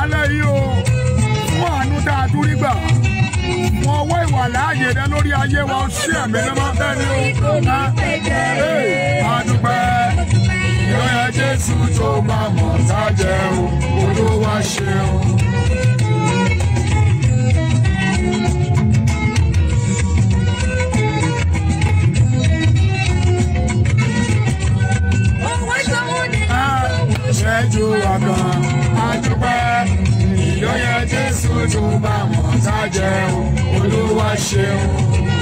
àṣálẹ́ yìí o fún àánú tá a dúrí gbà wọn ọwọ́ ìwà láàyè rẹ lórí ayé wa ó ṣí ẹ̀mí ló máa bẹ́ẹ̀ ni o ẹ àdúpẹ́ ìrọ̀yà Jésù tó máa mọ̀ tájẹ́ o Olúwa ṣe o. Ah, Ṣẹ́jú wa lójú bá wọn ká jẹun olúwa ṣeun.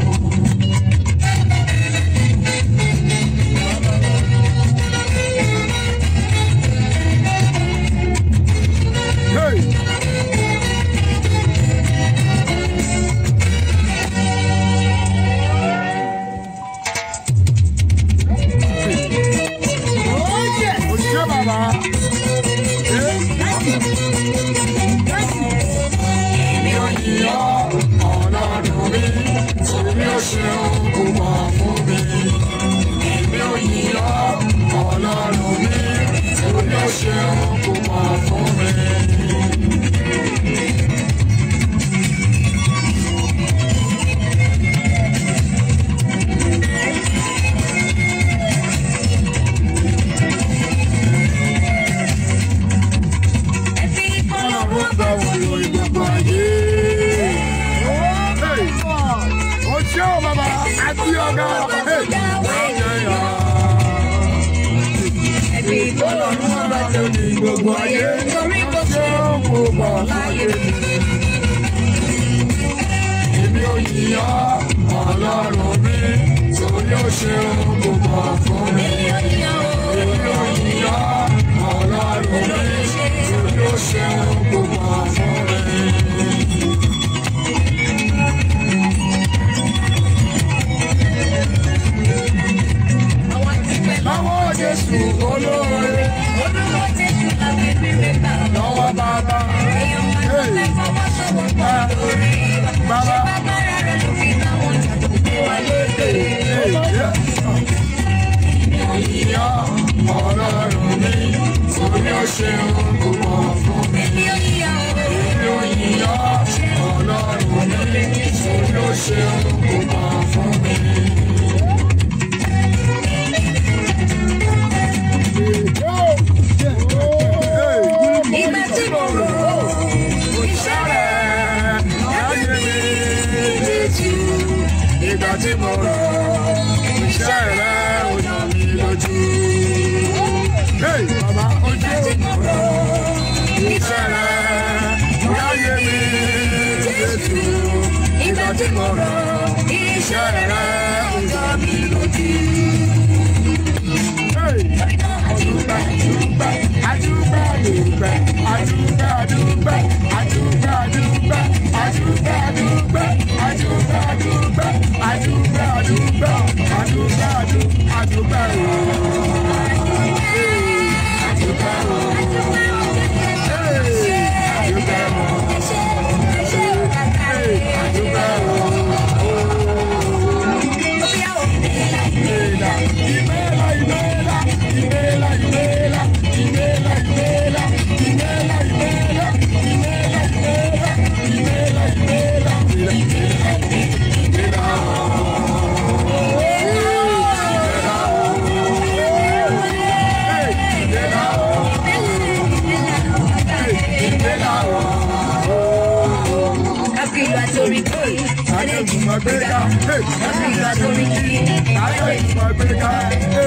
Lábì lásórí kí ayé ìmọ̀ ẹgbẹ́ ká.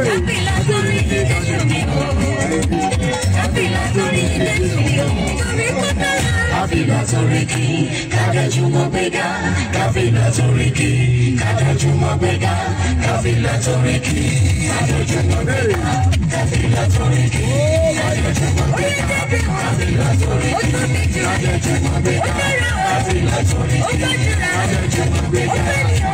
Lábì lásórí kí lẹ́sùn mi kò mú. Lábì lásórí kí lẹ́sùn mi kò mú. Torí kò tẹ̀lé. Lábì lásórí kí kájàjú mọ̀ gbé ga. Lábì lásórí kí kájàjú mọ̀ gbé ga. Lábì lásórí kí kájàjú mọ̀ gbé ga. Lábì lásórí kí kájàjú mọ̀ gbé ga. Lábì lásórí kí kájàjú mọ̀ gbé ga. Lábì lásórí kí kájàjú mọ̀ gbé ga.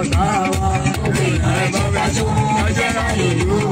ọ̀gá wa. Òkè ìgbà ẹ̀jọ̀ ká ṣó. Ọjọ́ ìlú.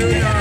Yeah.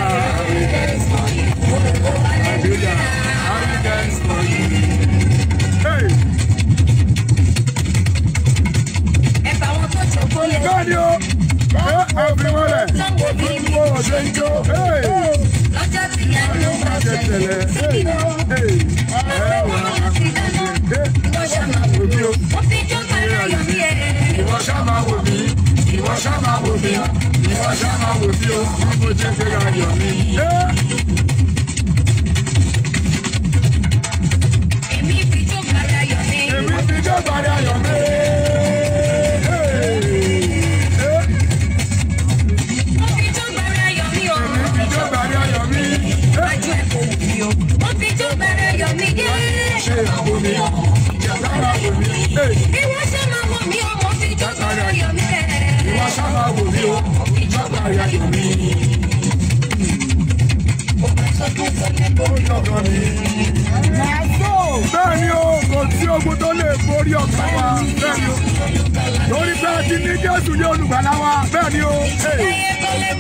Jésù ní olùgbàlà wa bẹ́ẹ̀ ni o. bẹ́ẹ̀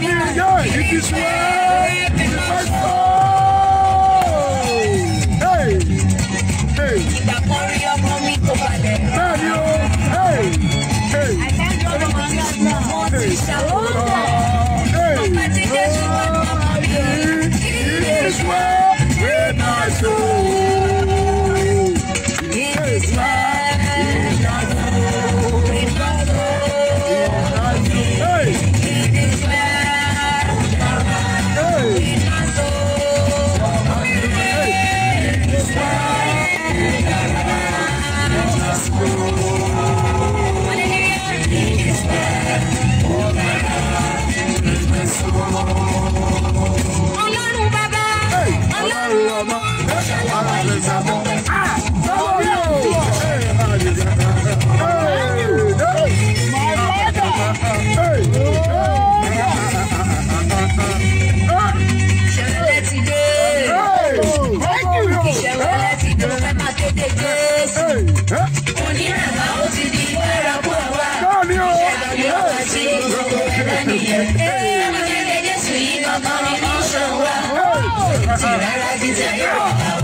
ni yóò yí ti sùn ẹ́ ìfẹ́ sọ́ọ́. Hey!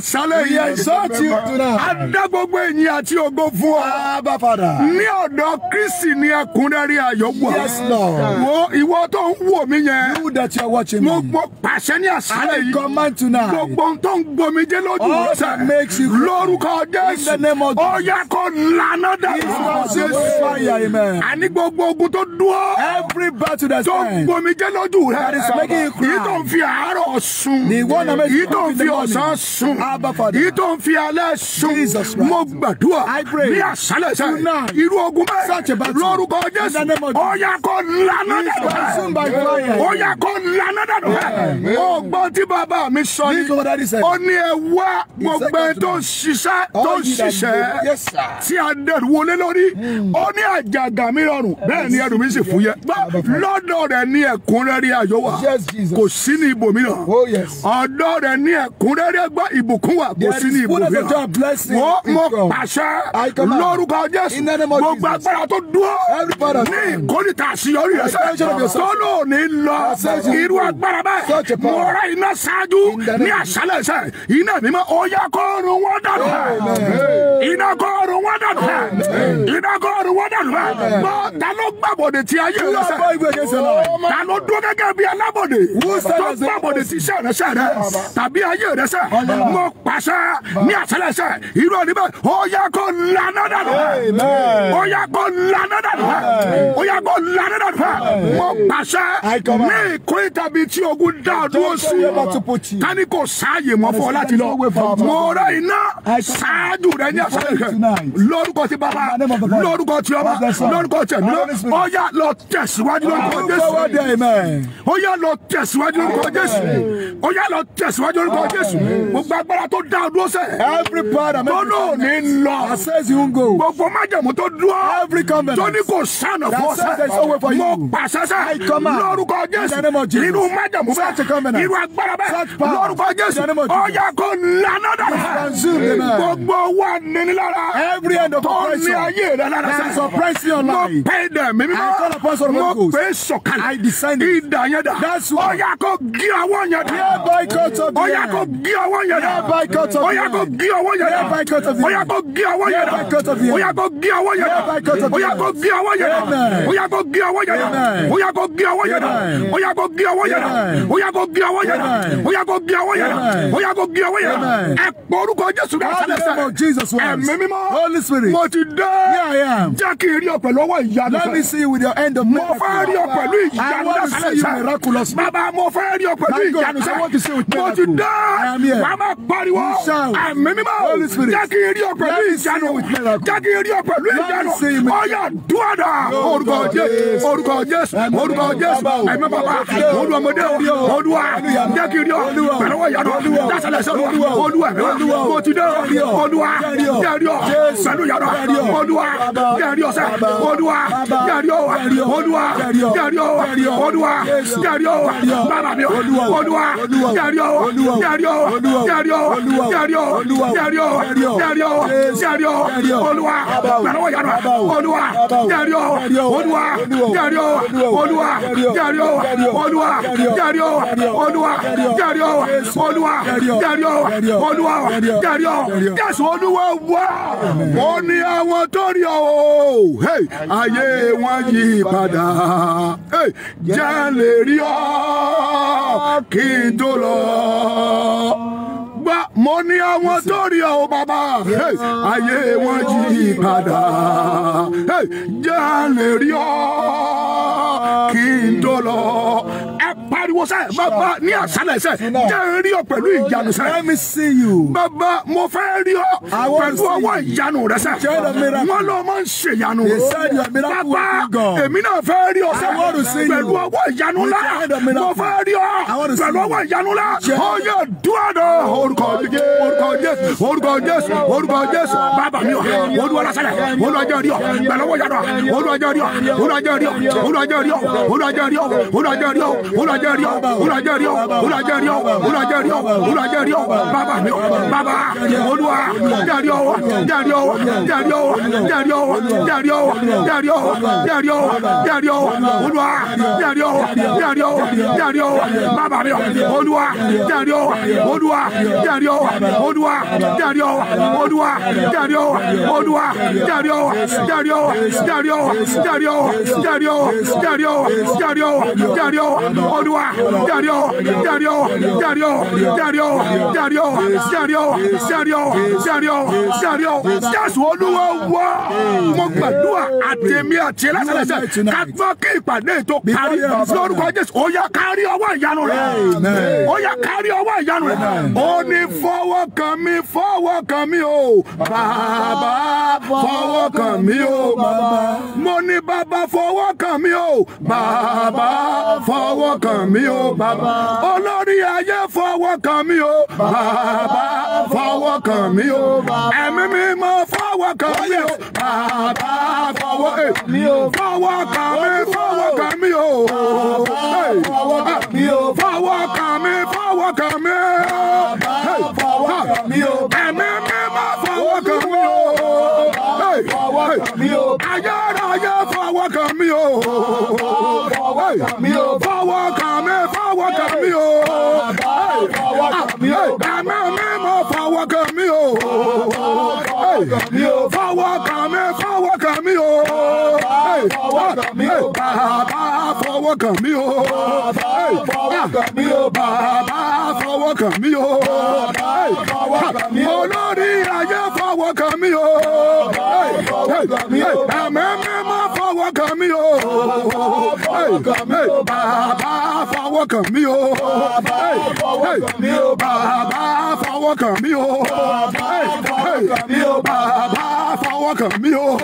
àṣálẹ̀ yẹn. Adá gbogbo ènìyàn àti ògo fún ọ. Ní ọ̀dọ̀ Kristi ni ẹ̀kúnrẹ́rẹ́ ayọ̀ wà. Wo ìwọ tó ń wò mí yẹn. Mo gbọ́ pàṣẹ ní àṣálẹ̀ yìí. Gbogbo ohun tó ń gbomi jẹ́ lójú rẹ̀. Lórúkọ Jésù. Ọ̀yà kò lànà dàgbà. Àní gbogbo ogun tó dúró. Every battle that's mine. Tó ń gbomi jẹ́ lójú rẹ̀. Yìí tó ń fi àárọ̀ sùn. Yìí tó ń fi ọ̀sán sùn èyí tó ń fi alẹ́ sùn mo gbàdúrà ní àṣálẹ̀ sẹ́ irú ogun bẹ́ẹ̀ lórúkọ Jésù ó yá kó lana dànù bẹ́ẹ̀ ó yá kó lana dànù bẹ́ẹ̀ ó gbọ́ tí bàbá mi sọ ni ó ní ẹ wá gbogbo tó ń ṣiṣẹ́ tó ń ṣiṣẹ́ tí a dẹ̀rù wọlé lórí hmm. ó ní àjàgà mi rọrùn bẹ́ẹ̀ ni ẹrù mi sì fúyẹ́ lọ́dọ̀ rẹ̀ ní ẹ̀kúnrẹ́rẹ́ ayọ̀ wà kò sí ní ibòmíràn oh, ọ̀dọ̀ rẹ̀ ní ẹ̀kúnrẹ́rẹ́ gbọ́ ìbùkún ìbùkún wà kò sí ní ìbùkún wọ́n mọ̀ pàṣẹ lórúkọ Jésù gbogbo agbára tó dúró ní ìkórìtà àṣeyọrí rẹ tó lò ní lọ irú agbára bẹ́ẹ̀ mo rẹ iná ṣáájú ní àṣálẹ̀ ṣe iná mímọ́ ó yá kó run wọ́n dànù iná kó run wọ́n dànù iná kó run wọ́n dànù gbọ́ ta ló gbàbọ̀dẹ̀ tí ayé rẹ sẹ́ oh, ta ló dúró gẹ́gẹ́ bí alábọ̀dẹ̀ tó gbàbọ̀dẹ̀ tí iṣẹ́ rẹ sẹ́ rẹ tàbí ayé rẹ sẹ́ mọ pàṣẹ ní àtẹlẹsẹ irú ẹni bẹ́ẹ̀ ó yá kó laná dànù fẹ́ ó yá kó laná dànù fẹ́ ó yá kó laná dànù fẹ́ mo pàṣẹ ní ìkó ìtàbí tí ogun dá dúró sí tani kò sáàyè mọ́ fún ọ láti lọ mo rẹ iná ṣáájú rẹ ní àtẹlẹsẹ lórúkọ ti bàbá lórúkọ ti ọba lórúkọ ti ẹ̀mí ó lọ tẹ̀síwájú lórúkọ Jésù ó lọ tẹ̀síwájú lórúkọ Jésù ó lọ tẹ̀síwájú lórúkọ Jésù gbogbo agbára agbára tó dá dúró sẹ́. every power that makes you stand. tó náà ní lọ. says you go. gbogbo májèmú tó dúró. every covenant. tó ní kò sànà fún ọ sẹ́. that says there is no way for you. mo pàṣẹ sẹ́. I come out. lórúkọ Jésù. inú májèmú bẹ́ẹ̀. such a covenant. irú agbára bẹ́ẹ̀. such power. lórúkọ Jésù. ọ̀yà kò lànà dàrá gbogbo owó àníní lára. every end of oppression. tó ní ayé rẹ lára sẹ́yìn. that suppress your life. mo pè dẹ̀ mímí mọ́. I call upon some of mo pè sọ̀kalẹ̀. I descend. ìdá yẹn dà. that's why. ọ̀yà kò gé ọwọ́ yẹn dà. yẹ bá ikọ̀ tó bí yẹn. ọ̀yà kò gé ọwọ́ yẹn dà. yẹ bá ikọ̀ tó bí yẹn. ọ̀yà kò gé ọwọ́ yẹn dà. yẹ bá ikọ̀ tó bí yẹn. ọ̀yà kò gé ọwọ́ yẹn dà. ọ̀yà kò gé ọwọ́ yẹn dà. ọ̀yà kò gé ọwọ́ yẹn dà. ọ̀yà kò gé ọwọ́ yẹn dà. ọ̀yà kò gé ọwọ́ yẹn dà. ọ̀yà kò gé ọwọ́ yẹn dà. ọ̀yà kò gé ọwọ́ yẹn dà. ọ̀yà kò gé ọwọ́ yẹn dà. ẹ jésù kristu ẹ̀mí mímọ́ holy spirit mo ti dé jẹ́ kí n rí ọ pẹ̀lú ọwọ́ ìyanu let me see you with your end of miracle mo fẹ́ rí ọ pẹ̀lú ìyanu lẹ́sẹ̀ bàbá mo fẹ́ rí ọ pẹ̀lú ìyanu lẹ́sẹ̀ mo ti dé wàá máa pariwo ẹ̀mí mímọ́ jẹ́ kí n rí ọ pẹ̀lú ìyanu jẹ́ kí n rí ọ pẹ̀lú ìyanu ọyà dúọ̀dà orúkọ jésù orúkọ jésù ẹ̀mí bàbá olùwàmọdé olùwà jẹ́ kí n rí ọ pẹ̀lú ìyanu lẹ́sẹ̀ lẹ́sẹ̀ olùwà mo ti d ọdúnwá yẹriọ pẹ̀lú yàrá ọdúnwá yẹriọ sẹ ọdúnwá yẹriọ ọdúnwá yẹriọ ọdúnwá yẹriọ bàbá mi ọdúnwá yẹriọ yẹriọ yẹriọ yẹriọ yẹriọ yẹriọ yẹriọ ọdúnwá pẹ̀lú yàrá ọdúnwá yẹriọ ọdúnwá yẹriọ ọdúnwá yẹriọ ọdúnwá yẹriọ ọdúnwá yẹriọ ọdúnwá yẹriọ ọdúnwá yẹriọ yọ Jésù Olúwa wá ó ní àwọn tó rí ọ ayé wọn yí padà jẹ́ lè rí ọ kí n tó lọ bá mo ní àwọn tó rí ọ bàbá ayé wọn yí padà já lè rí ọ kí n tó lọ pariwo sẹ bàbá ní àṣálẹ́ sẹ jẹ́ rí ọ pẹ̀lú oh, ìyanu sẹ. let me see you. bàbá mo fẹ́ rí ọ pẹ̀lú ọwọ́ ìyanu rẹ sẹ. wọ́n lọ máa ń ṣe ìyanu. bàbá èmi náà fẹ́ rí ọ sẹ pẹ̀lú ọwọ́ ìyanu la mo fẹ́ rí ọ pẹ̀lú ọwọ́ ìyanu la ó yẹ orúkọ Jésù orúkọ Jésù orúkọ Jésù bàbá mi ọ olúwa lásàlẹ̀ olúwa rí ọ pẹ̀lú ọwọ́ ìyanu olúwa jẹ́ rí ọ olúwa rí ọ olúwa rí ọ olúwa rí ọ olúwa rí ọ olúwa rí ọ jẹ́rí ọ olúwa jẹ́rí ọ olúwa jẹ́rí ọ olúwa jẹ́rí ọ olúwa jẹ́rí ọ bàbá mi ọ bàbá olúwa jẹ́rí ọ jẹ́rí ọ jẹ́rí ọ jẹ́rí ọ jẹ́rí ọ jẹ́rí ọ jẹ́rí ọ jẹ́rí ọ olúwa jẹ́rí ọ jẹ́rí ọ jẹ́rí ọ bàbá mi ọ olúwa jẹ́rí ọ olúwa jẹ́rí ọ olúwa jẹ́rí ọ olúwa jẹ́rí ọ olúwa jẹ́rí ọ jẹ́rí ọ jẹ́rí ọ Dario, Dario, Dario, Dario, Dario, Dario, Dario, Dario, Dario. Jésù Olúwa wá. Mo gbàdúrà àtẹ̀mí àti ẹlẹ́sẹ̀lẹ́sẹ̀ ká gbọ́ kí ìpàdé ètò kárí lórúkọ Jésù. Ó yá kárí ọwọ́ ìyanu rẹ̀. Ó yá kárí ọwọ́ ìyanu rẹ̀. Ó ní fọwọ́ kan mi fọwọ́ kan mi o. Bàbá fọwọ́ kan mi o. Bàbá mo ní bàbá fọwọ́ kan mi o. Bàbá fọwọ́ kan mi o mi o baba. olórí ayé fọwọ́ kàn mí o baba. fọwọ́ kàn mí o ẹ̀mí mímọ́ fọwọ́ kàn mí o bàbá fọwọ́ mi o fọwọ́ kàn mí fọwọ́ kàn mí o fọwọ́ kàn mí fọwọ́ kàn mí fọwọ́ kàn mí fọwọ́ kàn mí o ẹ̀mí mímọ́ fọwọ́ kàn mí o fọwọ́ kàn mí o ayé ayé fọwọ́ kàn mí o mi ò fọwọ́ kàn mí fọwọ́ kàn mí o àmì mi mo fọwọ́ kàn mí o mi ò fọwọ́ kàn mí fọwọ́ kàn mí o bàbá fọwọ́ kàn mí o bàbá fọwọ́ kàn mí o olórí ayé fọwọ́ kàn mí o àmì mi mo fọwọ́ kàn mí o. Baba, mi o. bàbá fọwọ́kàn mi o. bàbá fọwọ́kàn mi o. bàbá fọwọ́kàn mi o. bàbá fọwọ́kàn mi o. bàbá fọwọ́kàn mi o.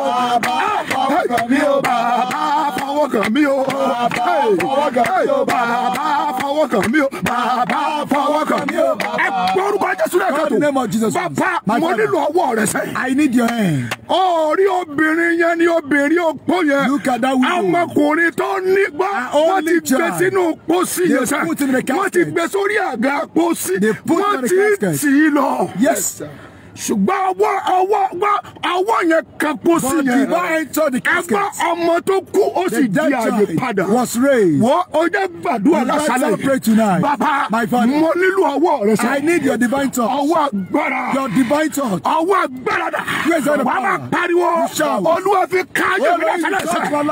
bàbá fọwọ́kàn mi o. bàbá the name of jesus bàbá mo nílò ọwọ́ rẹ sẹ́yìn. i need your hand. orí obìnrin yẹn ni obìnrin òpó yẹn. look at that window. ọmọkùnrin tó nígbà wọ́n ti gbé sínú pósí yẹn sẹ́yìn wọ́n ti gbé sórí àga pósí wọ́n ti tì í lọ. yes sir ṣùgbọ́n ọwọ́ ọwọ́ ọwọ́ yẹn kan kó sí yẹn ẹgbẹ́ ọmọ tó kú ó sì di àyè padà wọ́n ó gbàdúrà lásàlẹ̀ bàbá mo nílò ọwọ́ rẹ sọ ọwọ́ agbára ọwọ́ agbára dà wàá máa pariwo olúwa fi káyọ̀ mi lásàlẹ̀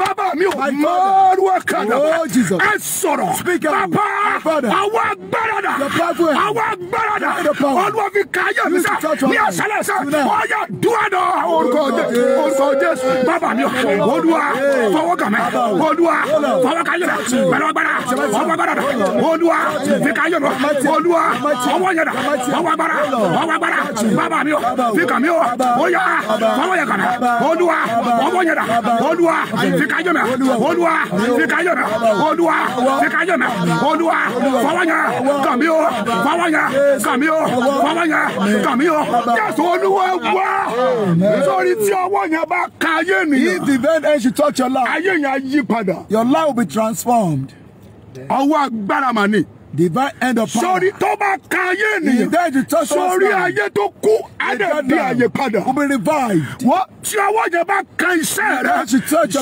bàbá mi ò mọ́ọ́rùwọ́ kàdà oh, ẹ sọ̀rọ̀ bàbá ọwọ́ agbára dà ọwọ́ agbára dà olúwa fi káyọ̀ mi sọ ní ọ̀sẹ̀lẹ̀ sẹ́ ọ̀yà dúwàdà orúkọ orúkọ jésù bàbá mi olúwa fọwọ́kàmẹ́ olúwa fọwọ́kàyọ̀dà pẹ̀lúwàgbàdà ọwọ́gbàdà olúwa fìkàyọ̀dà olúwa ọwọ́yẹ̀dà ọwọ́gbàdà ọwọ́gbàdà bàbá mi fìkàmí ọ̀yà fọwọ́yẹ̀kàmẹ́ olúwa ọwọ́yẹ̀dà olúwa fìkàyọ̀mẹ́ olúwa fìkàyọ̀mẹ́ olúwa fìkàyọ̀mẹ́ olúwa fọwọ́yẹ̀ kàmí ọ fọwọ́yẹ̀ kàmí ọ fọwọ́yẹ̀ kàmí O Yes, Olúwa wá. Sórí tí ọwọ́ yẹn bá ka ayé If the event ends, you touch your life. Your life will be transformed. Ọwọ́ agbára màní divine end of power. sori tó bá ka ayé ènìyàn. ìdá ìdí tó sọ sori ayé tó kú adé bí ayé padà. kò bẹ revived. wọ́n tí ọwọ́ yẹn bá ka iṣẹ́ rẹ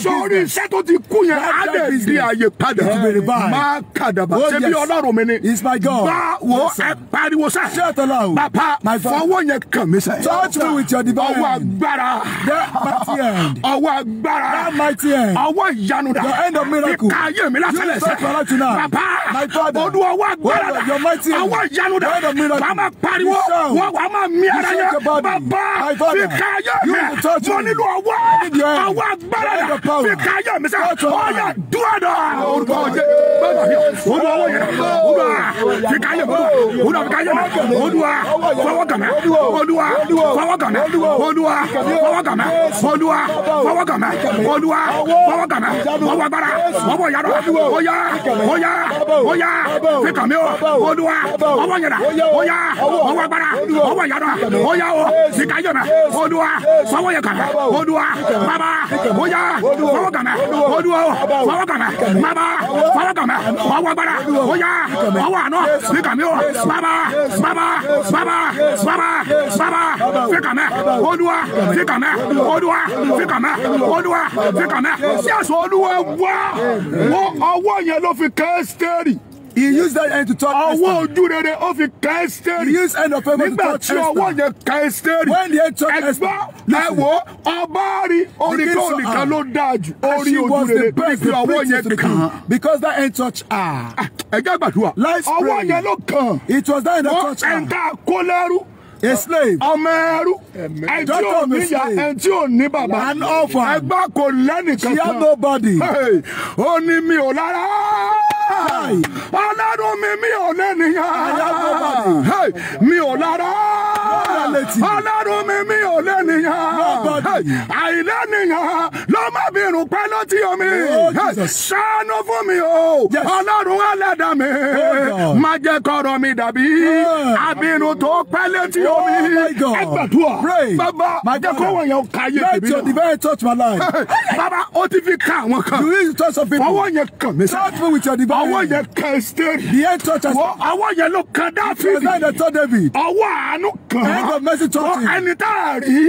sori iṣẹ́ tó ti kú yẹn adé bí ayé padà. kò bẹ revived. máa kàdàbà oh, ṣebí ọlọ́run mi ni. is my God. bá wo ẹ pariwo sá. ṣé ọ̀tọ̀ la o. bàbá fọwọ́ yẹn kàn mí sẹ́. touch me with your divine. ọwọ́ agbára. mighty end. ọwọ́ agbára. mighty end. ọwọ́ ìyanu dà. your end of miracle. ìka ayé mi lásìlẹ̀ sẹ́. bàbá àwọn agbára náà àwọn ìyanu náà wà á máa pariwo wọ́n wà mi ara yẹn bàbá fi ká ayé mi mo nílò ọwọ́ àwọn agbára náà fi ká ayé mi sẹ́ ọ̀yà dúró orúkọ ọjẹ́ olú ọwọ́ yẹn olú à fi ká ayé mi olú à fi ká ayé mi olú à fọwọ́ gàmẹ́ olú à fọwọ́ gàmẹ́ olú à fọwọ́ gàmẹ́ olú à fọwọ́ gàmẹ́ olú à fọwọ́ gàmẹ́ fọwọ́ agbára fọwọ́ yàrá ó yá ó yá ó yá fi fi kàn mí o olúwa ọwọ́ yẹn na ọyá ọwọ́ agbára ọwọ́ yàrá ọyá o sika yẹn na olúwa fọwọ́ yẹn kàn mí olúwa Baba, ọyá fọwọ́ kàn mí olúwa fọwọ́ kàn mí bàbá fọwọ́ kàn mí ọwọ́ agbára ọyá ọwọ́ àná fi kàn mí o bàbá bàbá bàbá bàbá bàbá fi kàn mí olúwa fi kàn mí olúwa fi kàn mí olúwa fi kàn mí sí àṣọ olúwa wá ọwọ́ yẹn ló fi kẹ́ ẹ́ sítẹ́rì. He used that end to talk. touch Esther. Ọwọ́ ojú rere ó fi kan Esther. He used end of favor to touch Esther. Nígbà tí ọwọ́ yẹn kan Esther. When the talk, touched Esther. Ẹgbọ́n ẹ wo ọba rí orí kò nìkan ah, ló dáa jù. Orí ojú rere níbi ọwọ́ yẹn kàn. Because that end touch. her. Ah, ẹ jẹ́ gbàdúrà. Let's pray. Ọwọ́ yẹn ló kàn. It was that end that touched her. Wọ́n ẹ̀ka kólẹ́rú a slave. ọmọ ẹrú. ẹni tí ò níyà ẹni tí ò ní bàbá. an orphan. ẹgbẹ́ kò lẹ́nìkan kan. she had nobody. ó ní mi ò lára ọlọ́run mi mi ò lẹ́nìyàn mi ò lára ọlọ́run mi mi ò lẹ́nìyàn àìlẹ́nìyàn ló má bí irun pẹ́ ló ti omi oh, ṣàánú fún mi o ọlọ́run ẹlẹ́dà mi oh, má jẹ́ kọ́rọ̀ mi dàbí abirun tó pẹ́ létí oh, omi ẹgbẹ̀dúọ̀ bàbá jẹ́ kó wọ̀nyẹn ó ka yé tèmi náà bàbá ó ti fi ká àwọn kan fọwọ́ yẹn kàn mí sá ọwọ́ yẹn kàn ẹ́sítẹ́rì ọwọ́ yẹn ló kàn dáfídì ọwọ́ àánú kàn án of mercy church. wọ́n ẹni tá a rí.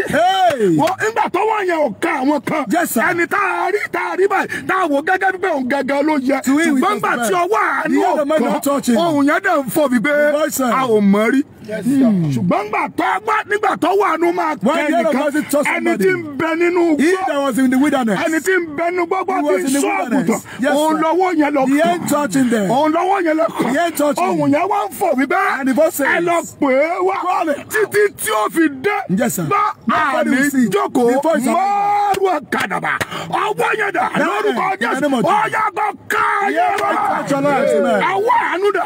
wọ́n nígbà tó wọ́n yẹn ò kan àwọn kan. ẹni tá a rí tá a rí báyìí tá a wò gẹ́gẹ́ bí pé òun gẹ́gẹ́ ló yẹ. ṣùgbọ́n gbà tí ọwọ́ àánú ọ̀kan ohun yẹn dẹ̀ ń fọ́ mi a ò mọ̀ rí. Hmm. ṣùgbọ́n gbà tó gbà nígbà tó wà nù máa pẹ́ nìkan ẹni tí ń bẹ nínú gbọ́ ẹni tí ń bẹ nínú gbọ́gbọ́ tí ń sọ àgùntàn òun lọ́wọ́ yẹn lọ kàn òun lọ́wọ́ yẹn lọ kàn òun yẹn wá ń fò mí bẹ́ẹ̀ ẹ lọ pè é wá títí tí ó fi dé bá àmì jókòó mọ́rù ọ̀kadàbà ọwọ́ yẹn dà lórúkọ Jésù ọ̀yà gbọ́ káyé rà àwọ̀ àánú dà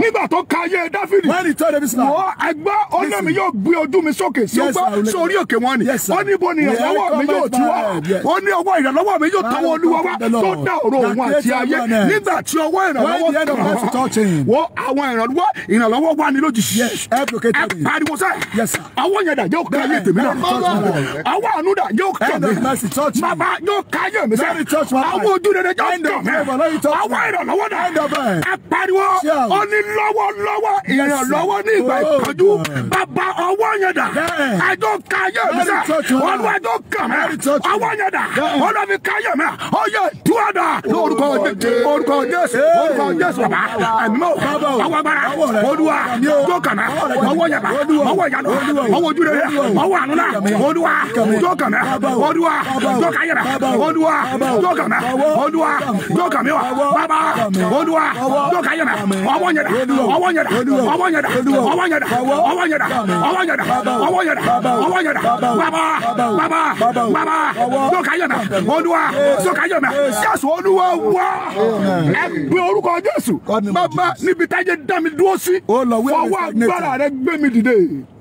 nígbà tó káyé dá Dáfídì. When he told them Islam. Wọ́n ẹgbẹ́ ọ̀nà mi yóò gbé ojú mi sókè sí ọgbà sórí òkè wọn ni. Ó ní ibo ni ìrànlọ́wọ́ mi yóò ti wá. Ó ní ọwọ́ ìrànlọ́wọ́ mi yóò tọwọ́ olúwa wá tó dá ọ̀rọ̀ òun àti ayé. Nígbà tí ọwọ́ ìrànlọ́wọ́ kàn wọ́n àwọn ìrànlọ́wọ́ ìrànlọ́wọ́ wà ní lójijì. Ẹ pariwo sẹ́, ọwọ́ yẹn dà yóò ká ayé tèmi náà. Ọwọ́ àánú dà yóò ká mi. Bàbá yóò ká ayé mi sẹ́. Àwọn ojú rere yóò kàn mí. Ọwọ́ ìrànlọ́wọ́ dà. Ẹ pariwo, ó ní lọ́wọ́lọ́wọ́ ì yẹn lọ́wọ́ ní ìgbà ìpọ́njú bàbá ọwọ́ yẹn dà àjọ káyọ̀ mi sà olúwa àjọ kà mí ọwọ́ yẹn dà olúwa mi káyọ̀ mi ó yẹ dúwàdà lórúkọ orúkọ jésù orúkọ jésù bàbá ẹ̀mí mọ́ ọwọ́ agbára olúwa jọ kà mí ọwọ́ yẹn bà ọwọ́ ìyanu ọwọ́ ojú rere ọwọ́ ànúlá olúwa jọ kà olúwa jọ káyọ̀ mi olúwa jọ kà olúwa jọ kà wa bàbá olúwa jọ káyọ̀ mi ọwọ́ yẹn dà ọwọ́ yẹn dà ọwọ́ yẹn dà ọwọ́ yẹn dà ọwọ́ yẹn dà ọwọ́ yẹn dà ọwọ́ yẹn dà ọwọ́ yẹn dà bàbá bàbá bàbá sọ́kà yẹn mẹ́ olúwa sọ́kà yẹn mẹ́ jésù olúwa wá ẹ gbé orúkọ jésù bàbá níbi tájé dami dúró sí fọwọ́ agbára rẹ gbé mi dìde.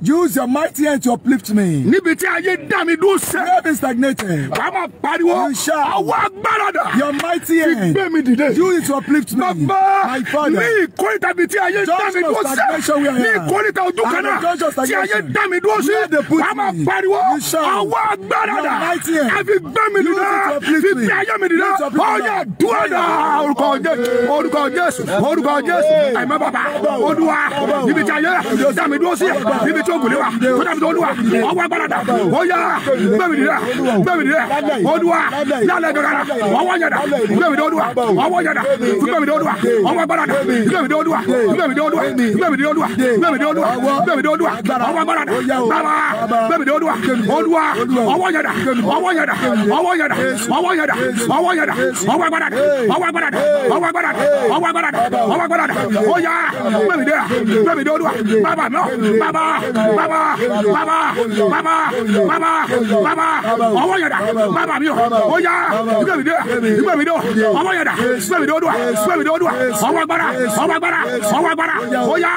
use your mighty hand to uplift me. níbi tí ayé dami dúró sẹ́. where be stagnated. wàá ma pariwo ọwọ́ agbára dà. your mighty hand. ti gbé mi dìde. use it to uplift me. bàbá ní ìkórìtà bíi tí ayé dami dúró sẹ́ sẹ́ ní ìkórìtà ojú kan náà tí ayé dá mi dúró sí wàá máa pariwo ọwọ́ agbára dà àfi gbá mi dìde fi bí ayé mi dìde ọyà dúró dà orúkọ Jésù orúkọ Jésù orúkọ Jésù àìmọ́ bàbá Olúwa níbi tí ayé dá mi dúró sí níbi tí ògùn lé wa tó dàbí tó Olúwa ọwọ́ agbára dà ọyà gbá mi dìde gbá mi dìde Olúwa lálẹ́ gàgàrà ọwọ́ yẹn dà gbá mi dìde Olúwa ọwọ́ yẹn dà gbá mi dìde Olúwa ọwọ́ agbára dà gbá mi dìde Olúwa gbá mi dìde Olúwa bẹ́ẹ̀ mi ni olúwa bẹ́ẹ̀ mi ni olúwa bẹ́ẹ̀ mi ni olúwa ọwọ́ agbára dà bàbá bẹ́ẹ̀ mi ni olúwa olúwa ọwọ́ yẹn dà ọwọ́ yẹn dà ọwọ́ yẹn dà ọwọ́ yẹn dà ọwọ́ yẹn dà ọwọ́ agbára dà ọwọ́ agbára dà ọwọ́ agbára dà ọwọ́ agbára dà ọwọ́ agbára dà ọyà bẹ́ẹ̀ mi ni bẹ́ẹ̀ mi ni olúwa bàbá nọ bàbá bàbá bàbá bàbá bàbá bàbá ọwọ́ yẹn dà bàbá mi ọyà bẹ́ẹ̀ mi ni bẹ́ẹ̀ mi ni ọwọ́ yẹn dà bẹ́ẹ̀ mi ni olúwa bẹ́ẹ̀ mi ni olúwa ọwọ́ agbára ọwọ́ agbára ọwọ́ agbára ọyà.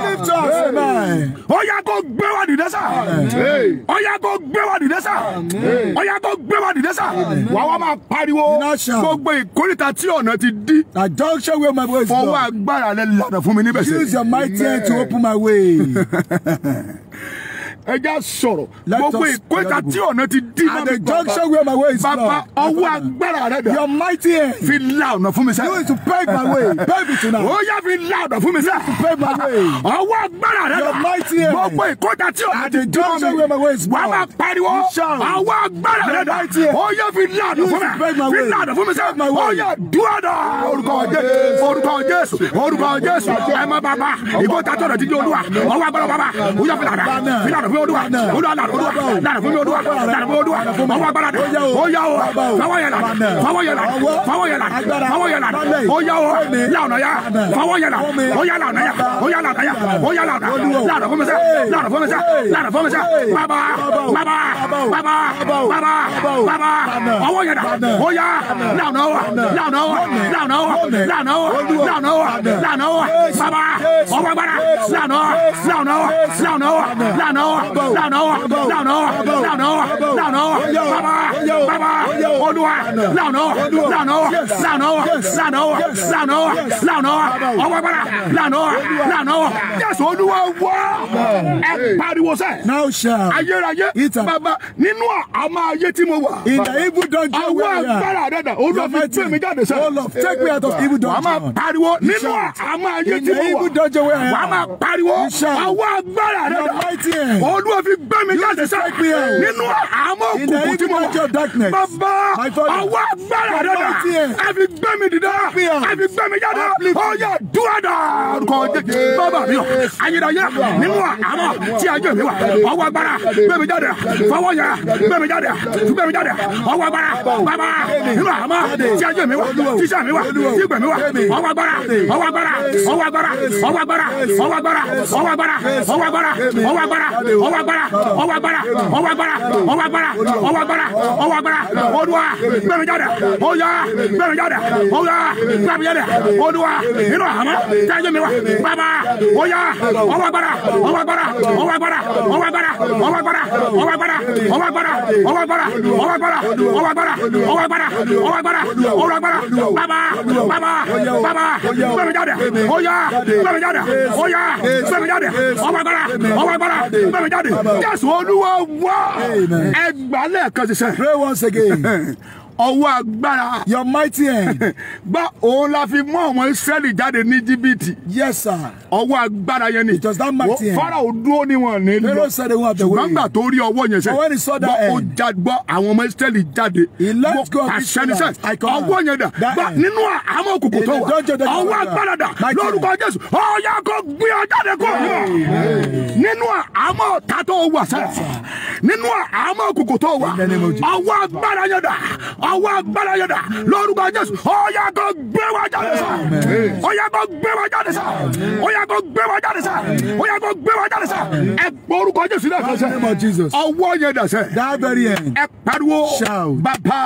lift us. Ọ̀yá kò gbé wa dìde sà. Ọ̀yá kò gbé wa dìde sà. Ọ̀yá kò gbé wa dìde sà. Wàá wá máa pariwo. Gbogbo ìkórìtà tí ọ̀nà ti dí. The junction where my voice is. Fọwọ́ agbára rẹ̀ lànà fún mi níbẹ̀ sẹ́. Use your might to open my way. ẹja sọ̀rọ̀ gbogbo ìkóyíká tí ọ̀nà ti dí mọ́ mi gbọ́ bàbá ọwọ́ agbára rẹ dà your mighty hand fi la ọ̀nà fún mi sẹ́. you need to pave my way pave it now. ó yá fi la ọ̀nà fún mi sẹ́. you need to pave my way. ọwọ́ agbára rẹ dà your mighty hand gbogbo ìkóyíká tí ọ̀nà ti dí mọ́ mi wà á máa pariwo ọwọ́ agbára rẹ dà ó yá fi la ọ̀nà fún mi fi la ọ̀nà fún mi sẹ́. ó yá dúró dà orúkọ Jésù orúkọ Jésù orúkọ Jésù ẹ mọ bàbá ìkóyíká tí ọ̀nà ti dí olúwa ọwọ́ agbára bàbá ó yá fi la ọ̀nà fún olúwa olúwa lànà olúwa lànà fún mi olúwa lànà fún olúwa ọwọ́ agbára dà ó yá o fọwọ́ yẹn lànà fọwọ́ yẹn lànà fọwọ́ yẹn lànà fọwọ́ yẹn lànà ó yá o yá ọ̀nà yá fọwọ́ yẹn lànà ó yá lànà yá ó yá lànà yá ó yá lànà lànà fún mi sẹ́ lànà fún mi sẹ́ lànà fún mi sẹ́ bàbá bàbá bàbá bàbá bàbá ọwọ́ yẹn lànà ó yá lànà o lànà o lànà o lànà o lànà o lànà o bàbá ọwọ́ agbára lànà o lànà o lànà o lànà o. Jésù olúwa wọ́ ẹ pariwo sẹ́. Now shall. Ayérayé. Ìtàn. Bàbá nínú àmọ́ ayé tí mo wà. In the evil dungeon where we are. Àwọn agbára dada olúwa fi gbé mi jáde sẹ́. Olúwa take me out of evil dungeon. Wàá máa pariwo nínú àmọ́ ayé tí mo wà. In the evil dungeon where I am. Wàá máa pariwo. Àwọn agbára dada. Your mighty hand olúwa fi gbé mi jáde sá nínú àmọ́ òkùnkùn tí mo wà bàbá ọwọ́ agbára rẹ dà ẹ fi gbé mi dìde ẹ fi gbé mi jáde ọyọ dúwàdà kọ jẹjẹ bàbá mi o ayédayé nínú àmọ́ tí a jẹ mi wà ọwọ́ agbára gbé mi jáde fọwọ́ yẹ gbé mi jáde gbé mi jáde ọwọ́ agbára bàbá nínú àmọ́ tí a jẹ mi wà tíṣà mi wà tígbẹ̀ mi wà ọwọ́ agbára ọwọ́ agbára ọwọ́ agbára ọwọ́ agbára ọwọ́ agbára ọwọ́ agbára ọwọ́ agbára ọwọ́ agbára ọwọ́ agbára ọwọ́ agbára ọwọ́ agbára ọwọ́ agbára ọwọ́ agbára ọwọ́ agbára Olúwa gbẹmí jáde Olúwa gbẹmí jáde Olúwa gbẹmí jáde Olúwa inú àhámọ́ tẹ́jú mi wá bàbá Olúwa ọwọ́ agbára ọwọ́ agbára ọwọ́ agbára ọwọ́ agbára ọwọ́ agbára ọwọ́ agbára ọwọ́ agbára ọwọ́ agbára ọwọ́ agbára ọwọ́ agbára ọwọ́ agbára ọwọ́ agbára ọwọ́ agbára bàbá bàbá bàbá gbẹmí jáde Olúwa gbẹmí jáde Olúwa gbẹmí jáde ọwọ́ agbára ọwọ́ agbára gbẹmí jáde jésù olúwa wá ẹgbàá lẹ́ẹ̀kan ṣiṣẹ́. pray once again. ọwọ́ agbára. your mighty hand. gbọ́ òun la fi mú ọmọ Ísírẹ́lì jáde ní jìbìtì. yes sir. ọwọ́ agbára yẹn ni. just that mighty hand. Fáráò dúró ni wọn ní lọ. lérò sẹ́ni wọn àtẹ̀wé. ṣùgbọ́n gbà tó rí ọwọ́ yẹn sẹ́. ọwọ́ ni sọ́dà ẹ̀. gbọ́ ó já gbọ́ àwọn ọmọ Ísírẹ́lì jáde. he let go of his shoulder. ọwọ́ yẹn dà. gbà nínú àmọ́ òkùnkù tó wà. ọwọ́ agbára dà lórúkọ Jésù. ọ̀ya kò gbé ọ jáde kó yọ. nínú àmọ́ tatọ́ wà sẹ́. nínú àmọ́ òkùnkù tó wà. ọwọ́ agbára yẹn dà ọwọ́ agbára yẹn dà lórúkọ jésù ọ̀yà kò gbé wa jáde sá ọ̀yà kò gbé wa jáde sá ọ̀yà kò gbé wa jáde sá ọ̀yà kò gbé wa jáde sá ẹ gbọ́ orúkọ jésù lẹ́ẹ̀kan sẹ́ ọwọ́ yẹn dà sẹ́ ẹ pariwo bàbá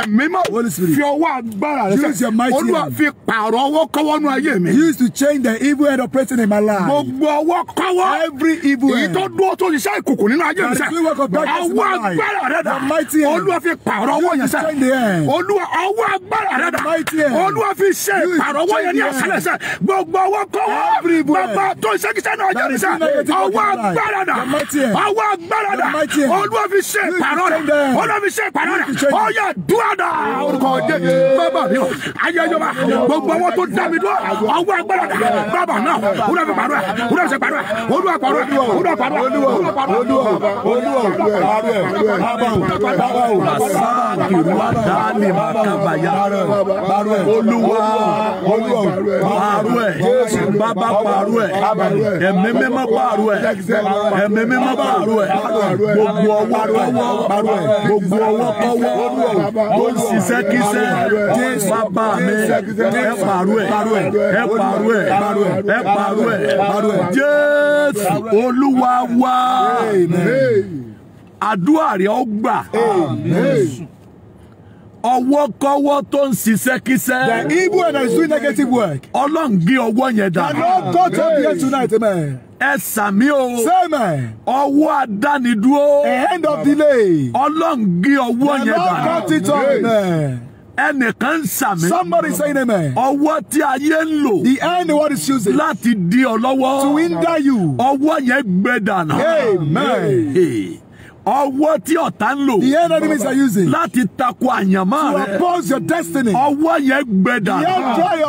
ẹ̀mí mọ́ fi ọwọ́ agbára rẹ sẹ́ olúwa fi pààrọ̀ ọwọ́ kọ́wọ́ nù ayé mi. used to change the evil head operating in my life. gbogbo ọwọ́ kọ́wọ́. every evil head. èyí tó dúró tó ṣiṣẹ́ ìkòkò nínú ayé mi sẹ́ ọwọ́ agbára rẹ dà olúwa fi pààrọ̀ ọwọ́ yẹn sẹ́ olúwa ọwọ́ agbára rẹ dà olúwa fi ṣe ìpàrọ̀wọ́ yẹn ní àṣálẹ̀ sẹ́ gbogbo ọwọ́ kọ́wọ́ gbogbo tó ń ṣẹ́kíṣẹ́ náà jẹ́ mi sẹ́ ọwọ́ agbára dà ọwọ́ agbára dà olúwa fi ṣe ìpàrọ̀ rẹ olúwa fi ṣe ìpàrọ̀ rẹ ọyà dúadà orúkọ ọjẹ bàbá mi o ayẹyẹba gbogbo ọwọ́ tó dá mi dúró ọwọ́ agbára dà bàbá náà olúwa fi pàrọ̀ rẹ olúwa fi ṣe pàrọ̀ rẹ olúwa pàrọ̀ rẹ olúwa pàrọ̀ rẹ olúwa pàrọ̀ rẹ olúwa pàrọ̀ rẹ olúwa pàrọ̀ rẹ olúwa pàrọ̀ rẹ wàdánì màkàbàyà olúwa pààrọ̀ ẹ̀ bàbá pààrọ̀ ẹ̀ ẹ̀mí mímọ́ pààrọ̀ ẹ̀ ẹ̀mí mímọ́ pààrọ̀ ẹ̀ gbogbo ọwọ́ kọ́wọ́ gbogbo ọwọ́ kọ́wọ́ tó ń ṣiṣẹ́ kíṣẹ́ bàbá mi ẹ̀ pààrọ̀ ẹ̀ ẹ̀ pààrọ̀ ẹ̀ ẹ̀ pààrọ̀ ẹ̀ jésù olúwa wá àdúrà rẹ̀ ó ọwọ́kọ́wọ́ tó ń ṣiṣẹ́ kíṣẹ́. the evil and that is negative work. Ọlọ́run gbé ọwọ́ yẹn dà. the Lord God help tonight amen. Ẹ sàmí o. Sẹ́mẹ̀. Ọwọ́ adánidúró. A hand of delay. Ọlọ́run gbé ọwọ́ yẹn dà. the Lord God it amen ẹnìkan ń sàmì. somebody say amen. ọwọ́ tí ayé ń lò. the end what is using. láti di ọ to hinder you. ọwọ́ yẹn gbẹ dànù. amen. Hey ọwọ́ tí ọ̀tá ń lò. the enemies are using. láti tako àyànmọ́ rẹ. to oppose your destiny. ọwọ́ yẹn gbẹ̀dà. the end of life.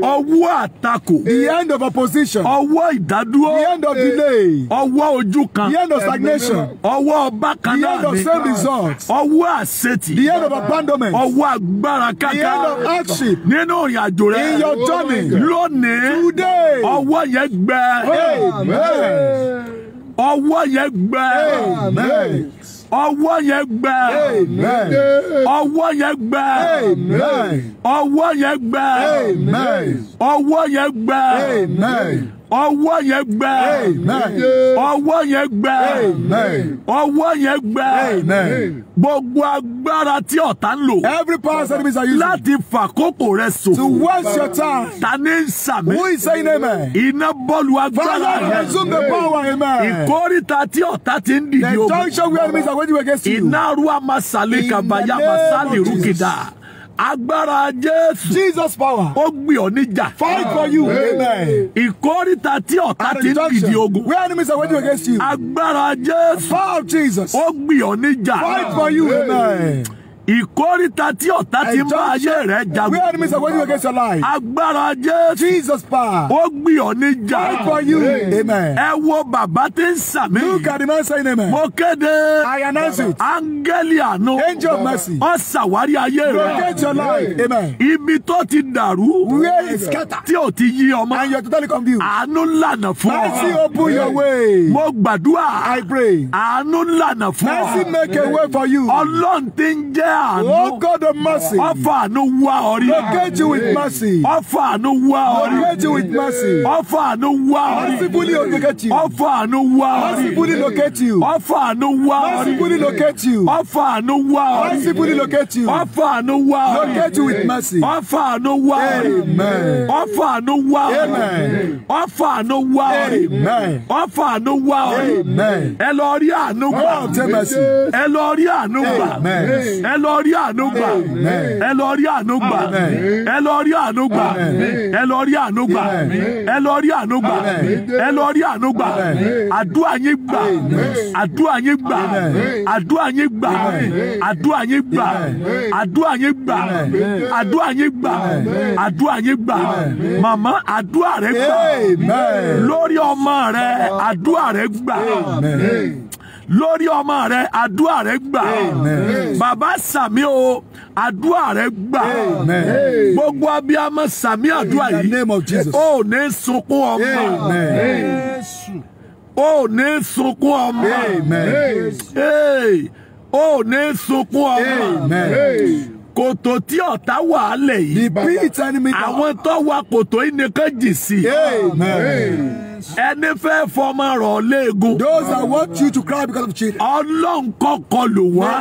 ọwọ́ àtakò. the end of opposition. ọwọ́ ìdádúró. the end of delay. ọwọ́ ojú kan. the end of stagnation. ọwọ́ ọba kan náà ni. the end of same results. ọwọ́ àṣetì. the end of abandonment. ọwọ́ agbára káká. the end of hardship. nínú ìrìn àjò rẹ. in your journey. lónìí. today. ọwọ́ yẹn gbẹ ọwọ́ yẹn gbẹ ọwọ́ yẹn gbẹ ọwọ́ yẹn gbẹ ọwọ́ yẹn gbẹ ọwọ́ yẹn gbẹ ọwọ́ yẹn gbẹ ọwọ́ yẹn gbẹ ọwọ́ yẹn gbẹ gbogbo agbára tí ọ̀tá ń lò. every power that enemies are using. láti fàkókò rẹ sòfò. to your time. ta ni ń sàmì. who is saying amen. iná bọ́ọ̀lù agbára rẹ. father the power amen. ìkórìtà tí ọ̀tá ti ń dìde ogun. the junction where enemies are against you. iná ru amasale kabaya masali rukida agbára jésù. jesus power. ó gbì ọ́ níjà. fight for you. amen. ìkórìtà tí ọ̀tá ti ń gidi ogun. where enemies are waiting against you. agbára jésù. power jesus. ó gbì ọ́ níjà. fight for you. amen. amen ìkórìtà tí ọ̀tá ti ń bá ayé rẹ jagun. where are waiting against your life. agbára jẹ́. Jesus power. ó gbì ọ́ níjà. pray for you. amen. ẹ wo bàbá tí ń sàmì. look at the man saying amen. mo kéde. I announce it. angeli àánú. angel of mercy. ó ṣàwárí ayé rẹ. locate your life. amen. ibi tó ti dàrú. where is scatter. tí ò ti yí ọmọ. and your totally confused. àánú lànà fún ọ. mercy open your way. mo gbàdúrà. I pray. àánú lànà fún ọ. mercy make a way for you. ọlọ́run ti ń jẹ́ àánú. Oh God of mercy. Ọfà àánú wá ọ rí. Locate you with mercy. Ọfà àánú wá ọ rí. Locate you with mercy. Ọfà àánú wá ọ rí. Mercifully locate you. Ọfà àánú wá ọ rí. Mercifully locate you. Ọfà àánú wá ọ rí. Mercifully locate you. Ọfà àánú wá ọ rí. Mercifully locate you. Ọfà àánú wá ọ Locate you with mercy. Ọfà àánú wá ọ Amen. Ọfà àánú wá ọ rí. Ọfà àánú wá ọ Amen. Ọfà àánú wá ọ Amen. Ẹ lọ rí àánú gbà. Ẹ lọ rí àánú gbà. Ẹ lọ lọ rí àánú gbà ẹ lọ rí àánú gbà ẹ lọ rí àánú gbà ẹ lọ rí àánú gbà ẹ lọ rí àánú gbà ẹ lọ rí àánú gbà àdúrà yín gbà àdúrà yín gbà àdúrà yín gbà àdúrà yín gbà àdúrà yín gbà àdúrà yín gbà àdúrà yín gbà màmá àdúrà rẹ gbà lórí ọmọ rẹ àdúrà rẹ gbà lórí ọmọ rẹ àdúrà rẹ gbà bàbá sàmí o àdúrà rẹ gbà gbogbo abiyamọ sàmí àdúrà yìí o ní sunkún ọmọ o ní sunkún ọmọ o ní sunkún ọmọ kòtò tí ọ̀tá wà á lẹ̀ yìí àwọn tó wa kòtò yìí nìkan jì sí ẹni fẹ́ fọmọ rọ̀ léegun. those that want you to cry because of children. ọlọ́run kọ́kọ́ lò wá.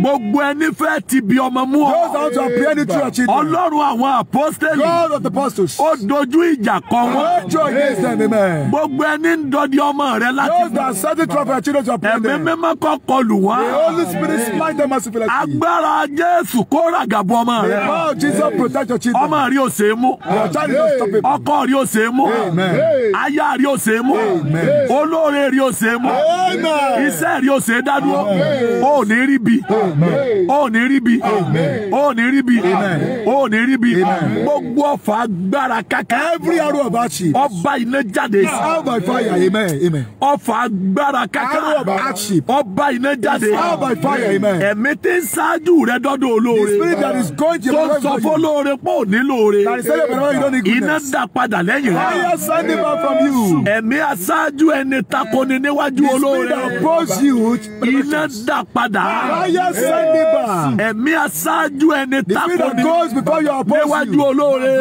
gbogbo ẹni fẹ́ ti bí ọmọ mú ọ. those that want to pray to your children. ọlọ́run àwọn apostles. God of the apostles. ó dojú ìjà kọ wọn. ọjọ́ ilé ìsẹ̀mí mẹ́. gbogbo ẹni ń dọdí ọmọ rẹ láti. those that settle trouble for children to pray. there. ẹ̀mí mímọ́ kọ́kọ́ lò wá. the holy spirit smile. them as if like. agbára jésù kó ràgàbọ ọmọ rẹ. the power Jesus protect your children. ọmọ rí òsè mú. your child is not stoppable. ọkọ rí mú aya rí o ṣe mú olóore rí o ṣe mú iṣẹ́ rí o ṣe dádúró o ní rí bi o ní rí bi o ní rí bi o ní rí bi gbogbo ọ̀fà agbára kàkà ọba iná jáde ọ̀fà agbára kàkà ọba iná jáde ẹ̀mí tí ń ṣáájú rẹ dọ́dọ̀ olóore tó sọ fún olóore pé ò nílò rẹ iná dá padà lẹ́yìn rẹ send him from you. Ẹ̀mí aṣáájú ẹni takoni níwájú olóore. The spirit oppose you. Iná dà padà. Fire send back. Ẹ̀mí aṣáájú ẹni takoni. The Níwájú olóore.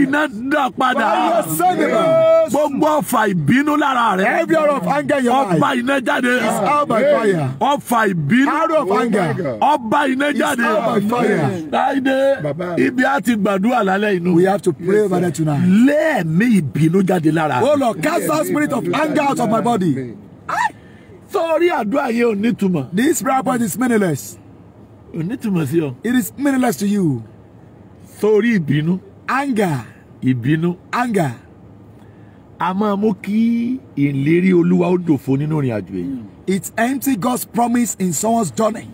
Iná dà padà. Fire send back. Gbogbo ọfà ìbínú lára rẹ̀. Every hour of anger in your life. Ọba iná jáde. It's out by fire. Ọfà ìbínú. Hour of anger. Ọba iná jáde. It's out by fire. Láìdé, ibi a ti gbàdúrà lálẹ́ inú. We have to pray about that tonight. Lẹ́ẹ̀mí rí ìbínú jáde lára. ó lọ cast that spirit of anger out of my body. sọ́ọ́rí àdúrà yẹn ò nítumọ̀. this prayer point is meaningless. ò nítumọ̀ sí ọ. it is meaningless to you. sọ́ọ́rí ìbínú. anger. ìbínú. anger. a máa mú kí ìlérí olúwa ó dòfo nínú ìrìn àjò èyí. It's empty God's promise in someone's journey.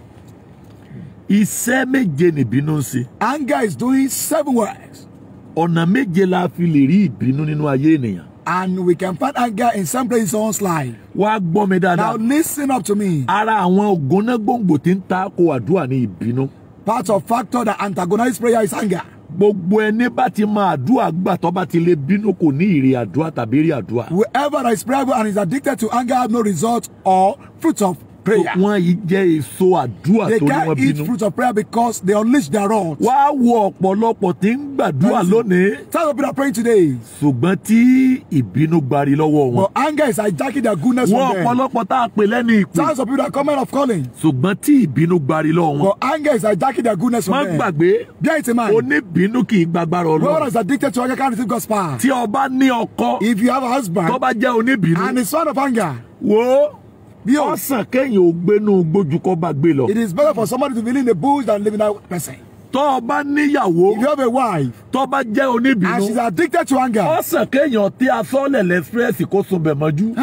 iṣẹ́ méje nìbínú ń ṣe. anger is doing seven works ọ̀nà méje la fi lè rí ìbínú nínú ayé ènìyàn. And we can find anger in some places in someone's Wá gbọ́ mi dáadáa. Now listen up to me. Ara àwọn ògúnná gbòǹgbò tí ń ta ko àdúrà ní ìbínú. Part of factor that antagonize prayer is anger. Gbogbo ẹni bá ti máa àdúrà gbà tó bá ti lè bínú kò ní ìrè àdúrà tàbí rí àdúrà. Whoever is prayerful and is addicted to anger have no result or fruit of prayer. wọ́n jẹ èso àdúrà torí wọn bínú. they can't eat fruit of prayer because they unleash their wrath. wá wo ọ̀pọ̀lọpọ̀ tí ń gbàdúrà lónìí. some people are praying today. ṣùgbọ́n tí ìbínú gbari lọ́wọ́ wọn. but anger is hijacking their goodness from them. wọ́n ọ̀pọ̀lọpọ̀ tá a pè lẹ́nu ìpè. thousands of people are coming of calling. ṣùgbọ́n tí ìbínú gbari lọ́wọ́ wọn. but anger is hijacking their goodness from them. má gbàgbé. bí àìsè máa. oníbínú kì í gbàgbára ọlọ. whoever is addicted to anger can't receive God's power. if you have a husband. and the son of anger. wo bí o. kẹ́yìn ò gbénu bá gbé lọ. it is better for somebody to be in a bush than living that person. tọ́ ọ bá níyàwó. if you have a wife. tọ́ bá jẹ́ oníbínú. and she is addicted to anger. ọ̀sán kẹ́yìn ọtí asọ́lẹ̀ lẹ́sírẹ́sì kó sun bẹ̀ mọ́jú.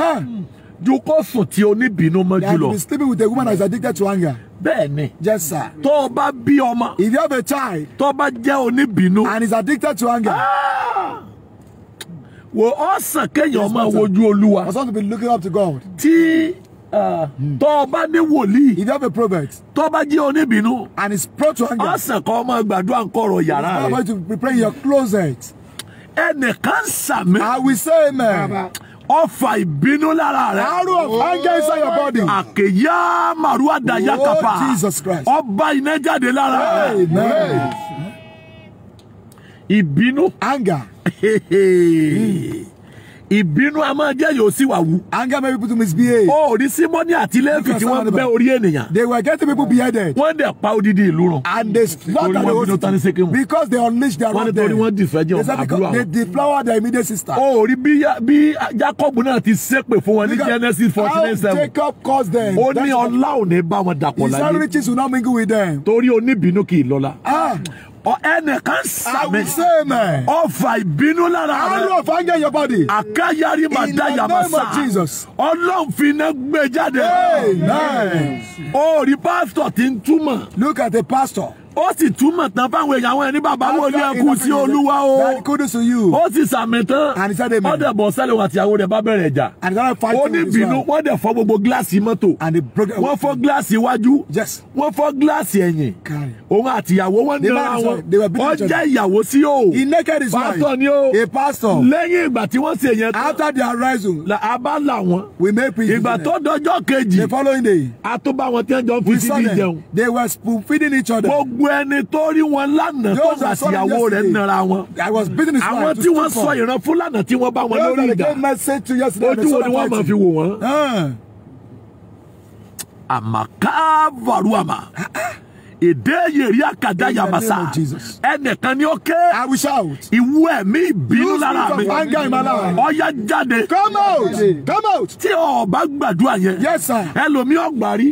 ju kó sùn tí oníbínú mọ́jú lọ. they have been sleeping with a woman that is addicted to anger. bẹ́ẹ̀ni. yes sir. tọ́ ọ bá bí ọmọ. if you have a child. tọ́ bá jẹ́ oníbínú. and is addicted to anger. Ah! wo ọsàn kéèyàn máa wojú olúwa. for some to be looking up to God. tí Hmm. tọ́ ọ bá ní wòlíì. if you have a prophet. tọ́ bá jẹ́ oníbínú. and it's pro to anger. ọ̀sẹ̀ kan ọmọ gbàdúrà ń kọ̀rọ̀ yàrá rẹ̀. it's not about to be your closet. ẹnìkan sàmì. I will say amen. ọfà ìbínú lára rẹ. arrow of anger inside your body. àkèyá màrúwà dàyà kàpà. oh Jesus Christ. ọba iná jáde lára rẹ. amen. ìbínú. anger. Hmm ìbínú a máa jẹ́ yóò sí wàwú. anger made people to misbehave. ó rí símọ́nì àti lẹ́ẹ̀fì tí wọ́n bẹ́ orí ènìyàn. they were getting people beheaded. wọ́n dẹ̀ pa odidi ìlú run. and they slaughtered the whole city because they unleash their own dead. wọ́n ní torí wọ́n dìfẹ́ àbúrò àwọn. they deflower their immediate sister. ó rí bí bí jacob náà ti ṣépè fún wọn ní genesis fourteen seven. how jacob caused them. ó ní ọlá ò ní bá wọn dàpọ̀ láyé. his own riches will not mingle with them. torí oníbínú kì í lọ́lá. ah ẹnìkan sàmì ọfà ìbínú lára rẹ àkáyárí máa dá yàrá sá ọlọ́run fi iná gbé jáde ó rí pásítọ̀ tí ń túmọ̀. Look at the pastor ó sì túmọ̀ tán fáwọn èèyàn àwọn ẹni bàbá wòlíì ẹkú sí olúwa o ó sì sàmì tán ó dẹ̀ bọ̀ sẹ́lẹ̀ wà tíyàwó rẹ̀ bá bẹ̀rẹ̀ ìjà ó ní bínú wọ́n dẹ̀ fọ́ gbogbo gíláàsì mọ́tò wọ́n fọ́ gíláàsì iwájú wọ́n fọ́ gíláàsì ẹ̀yìn òun àtìyàwó wọn nira wọn ó jẹ́ ìyàwó sí o pásítọ̀ ni o lẹ́yìn ìgbà tí wọ́n ṣe yẹn tán abá là wọn ìgbà tó dọjọ́ kejì àtúbà wọn tí wọ́n jọ ń fi síbi jẹun gbogbo ẹni tó rí wọn lánàá tó gbà síyàwó rẹ̀ nara wọn. àwọn tí wọ́n sọ ìran fún lánàá tí wọ́n bá wọn lórí ìgbà ojú wo ni wọ́n máa fi wò wọ́n. àmàkà varuama ìdéyèrí àkàdá yamasa ẹnìkan ni ó ké ìwú ẹ̀mí ìbínú lára mi ọ̀yá jáde come out come out tí o bá gbàdúrà yẹn ẹlòmí ọgbà rí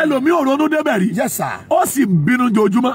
ẹlòmí òrónú débẹ̀ rí ó sì bínú jojúmọ́.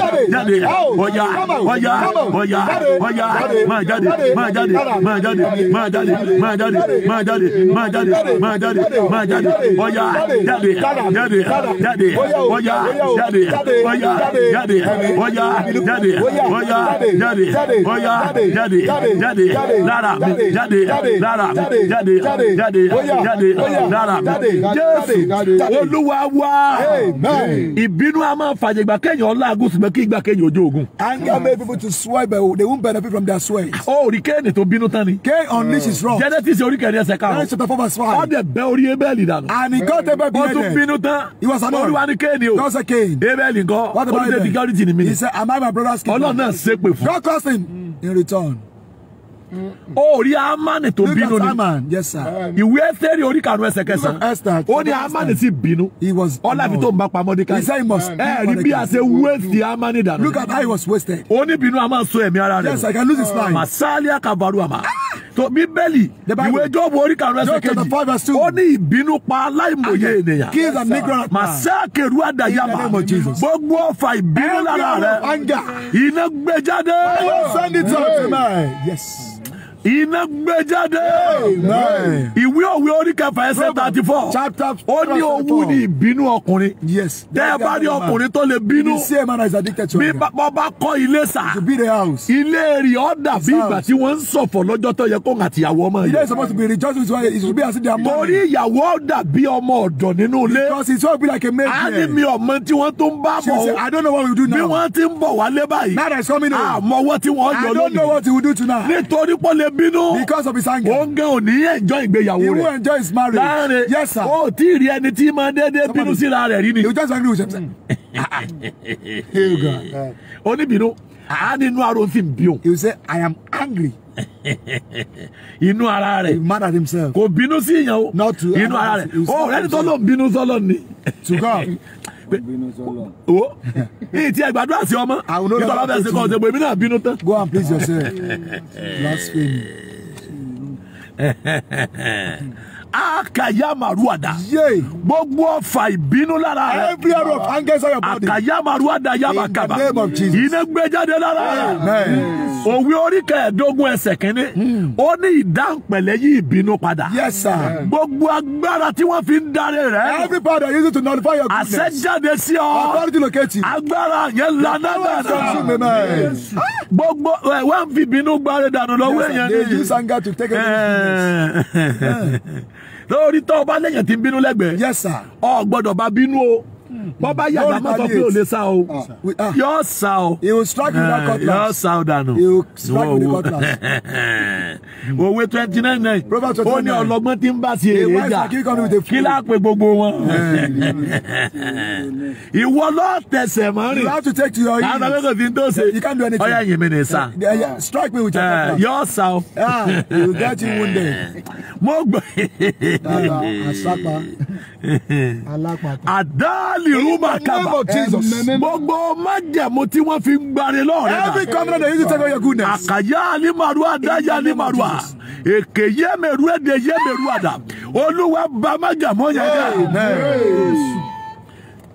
jáde ọ̀yà ọ̀yà ọ̀yà ọ̀yà máa jáde máa jáde máa jáde máa jáde máa jáde máa jáde máa jáde máa jáde máa jáde ọ̀yà jáde jáde jáde ọ̀yà jáde ọ̀yà jáde ọ̀yà jáde ọ̀yà jáde ọ̀yà jáde jáde lára mi jáde lára mi jáde jáde jáde lára mi Jésù Olúwa wá ìbínú a máa fàjẹgbà kéèyàn ọlá agùsùn kígbà kéèyàn ojú ogun. anger mm. made people to swear but they won't benefit from their swear. ó rí kéènì tó bínú tán ni. Cain unleashed his wrath. Genesis orí kẹrin ẹsẹ̀ karùn-ún. Genesis perform as fine. ó dẹ̀ bẹ́ orí Abẹ́lì dànù. and he got a Abel beheaded. ó tún bínú tán. he was annoyed. olúwa ni Cain o. God said Cain. Abel ńkọ́. what about Abel? olùdé security ni mi. he said am I my brother's keeper? ọlọ́run náà ṣépè fún. God cursed him in return ó rí amani tó bínú ni ìwé ẹsẹ̀rì orí kanu ẹsẹ̀ kẹsàn-án ó ní amani sì bínú ọlábi tó ń bá pamọ́ ní káyì ẹ rí bí a ṣe wéèsì amani dànù ó ní bínú a máa so ẹ̀mí ara rẹ̀ masalia kabaru ama ah! tó bíbélì ìwé jọ́ọ̀bù orí kanu ẹsẹ̀ kejì ó ní ìbínú pa aláìmọye ènìyàn masakeru adayama gbogbo ọfà ìbínú lára rẹ̀ iná gbé jáde. Yes iná gbé jáde. ìwé òwe orí kẹfà ẹsẹ̀ thirty four. chapter four ó ní owú ni ìbínú ọkùnrin. yes tẹ́ ẹ bá rí ọkùnrin tó lè bínú. the same man is addicted to anger. bí bàbá kọ́ ilé sà. to be the house. ilé rí ọ́ dàbí ìgbà tí wọ́n ń ṣọ̀fọ̀ lọ́jọ́ tó yẹ kó àtìyàwó ọmọ yìí. ilé is supposed to be rejoicing to it should be as if they are mourning. torí ìyàwó dàbí ọmọ ọ̀dọ̀ nínú ilé. because it should be like a maid. a ní mi ọmọ tí wọ́n tó ń i don't know what we do now. bí wọ́n ti ń bọ̀ now that coming home. àmọ́ wọ́n ti wọ́n i don't know what we do tonight. nítorí pọ́lẹ́ bínú. because of his anger. ó ń òní enjoy ìgbéyàwó rẹ̀. he will enjoy his marriage. láàrin yes sir. ó tí ì rí ẹni tí máa déédéé bínú síra rẹ̀ rí ni. you just agree with himself. Hmm. oníbínú a ní inú aró fi bí o. he will say i am angry. inú ara rẹ̀. he mad at himself. kò bínú sí ìyàwó. not to inú ara rẹ̀. ó rẹ́ni tó bínú sọ́lọ́ ni. to God. Oh, èyí tí ẹ gbàdúrà sí ọmọ nítorí don't sí that ọ̀sẹ̀ bò èmi náà bínú tán. go and please yourself Last blasphemy. akayamaruada. yéé gbogbo ọfà ìbínú lára rẹ. every hour of anger inside your body. akayamaruada yamakaba. in the name of Jesus. iná gbẹjáde lára rẹ. òwe orí kẹẹ̀ẹ́dógún ẹsẹ̀ kínní. Hmm. ó ní ìdáǹpẹ̀lẹ̀ yí ìbínú padà. yes sir. gbogbo agbára tí wọ́n fi ń darí rẹ. every power they use to notify your goodness. àṣẹjáde sí ọ. authority locate. agbára yẹn lana bẹ̀rẹ̀. gbogbo ẹ wọ́n fi ìbínú gbáre dànù lọ́wọ́ yẹn. yes sir they use anger to take away your goodness lórí tó o bá lẹ́yìn tí ń bínú lẹ́gbẹ̀ẹ́. yes sir. o gbọ́dọ̀ bá bínú o bọ́bá yàrá má sọ pé ò lè sá o ah, ah. yọ sá o yọ sá o dànù ìwọ owó òwe twenty nine nine ó ní ọlọ́gbọ́n tí ń bá sí èrè jà kí láàpẹ gbogbo wọn ìwọ lọ tẹsẹ̀ mọ́ rìn àwọn akẹ́kọ̀ọ́ fi ń tó ṣe ọyà yìí mi ní sá yọ eh, sá o ah, mo gbọ́ àdáàlú lè rú bá gbogbo májẹ̀mú tí wọ́n fi gbari lọ́rẹ́ náà. every covenant they use to take away your goodness. àkàyà alimaru adáyà alimaru a èké yẹ́mẹ̀rú ẹ̀dẹ̀ yẹ́mẹ̀rú àdá olúwa bá májẹ̀mú yẹn dá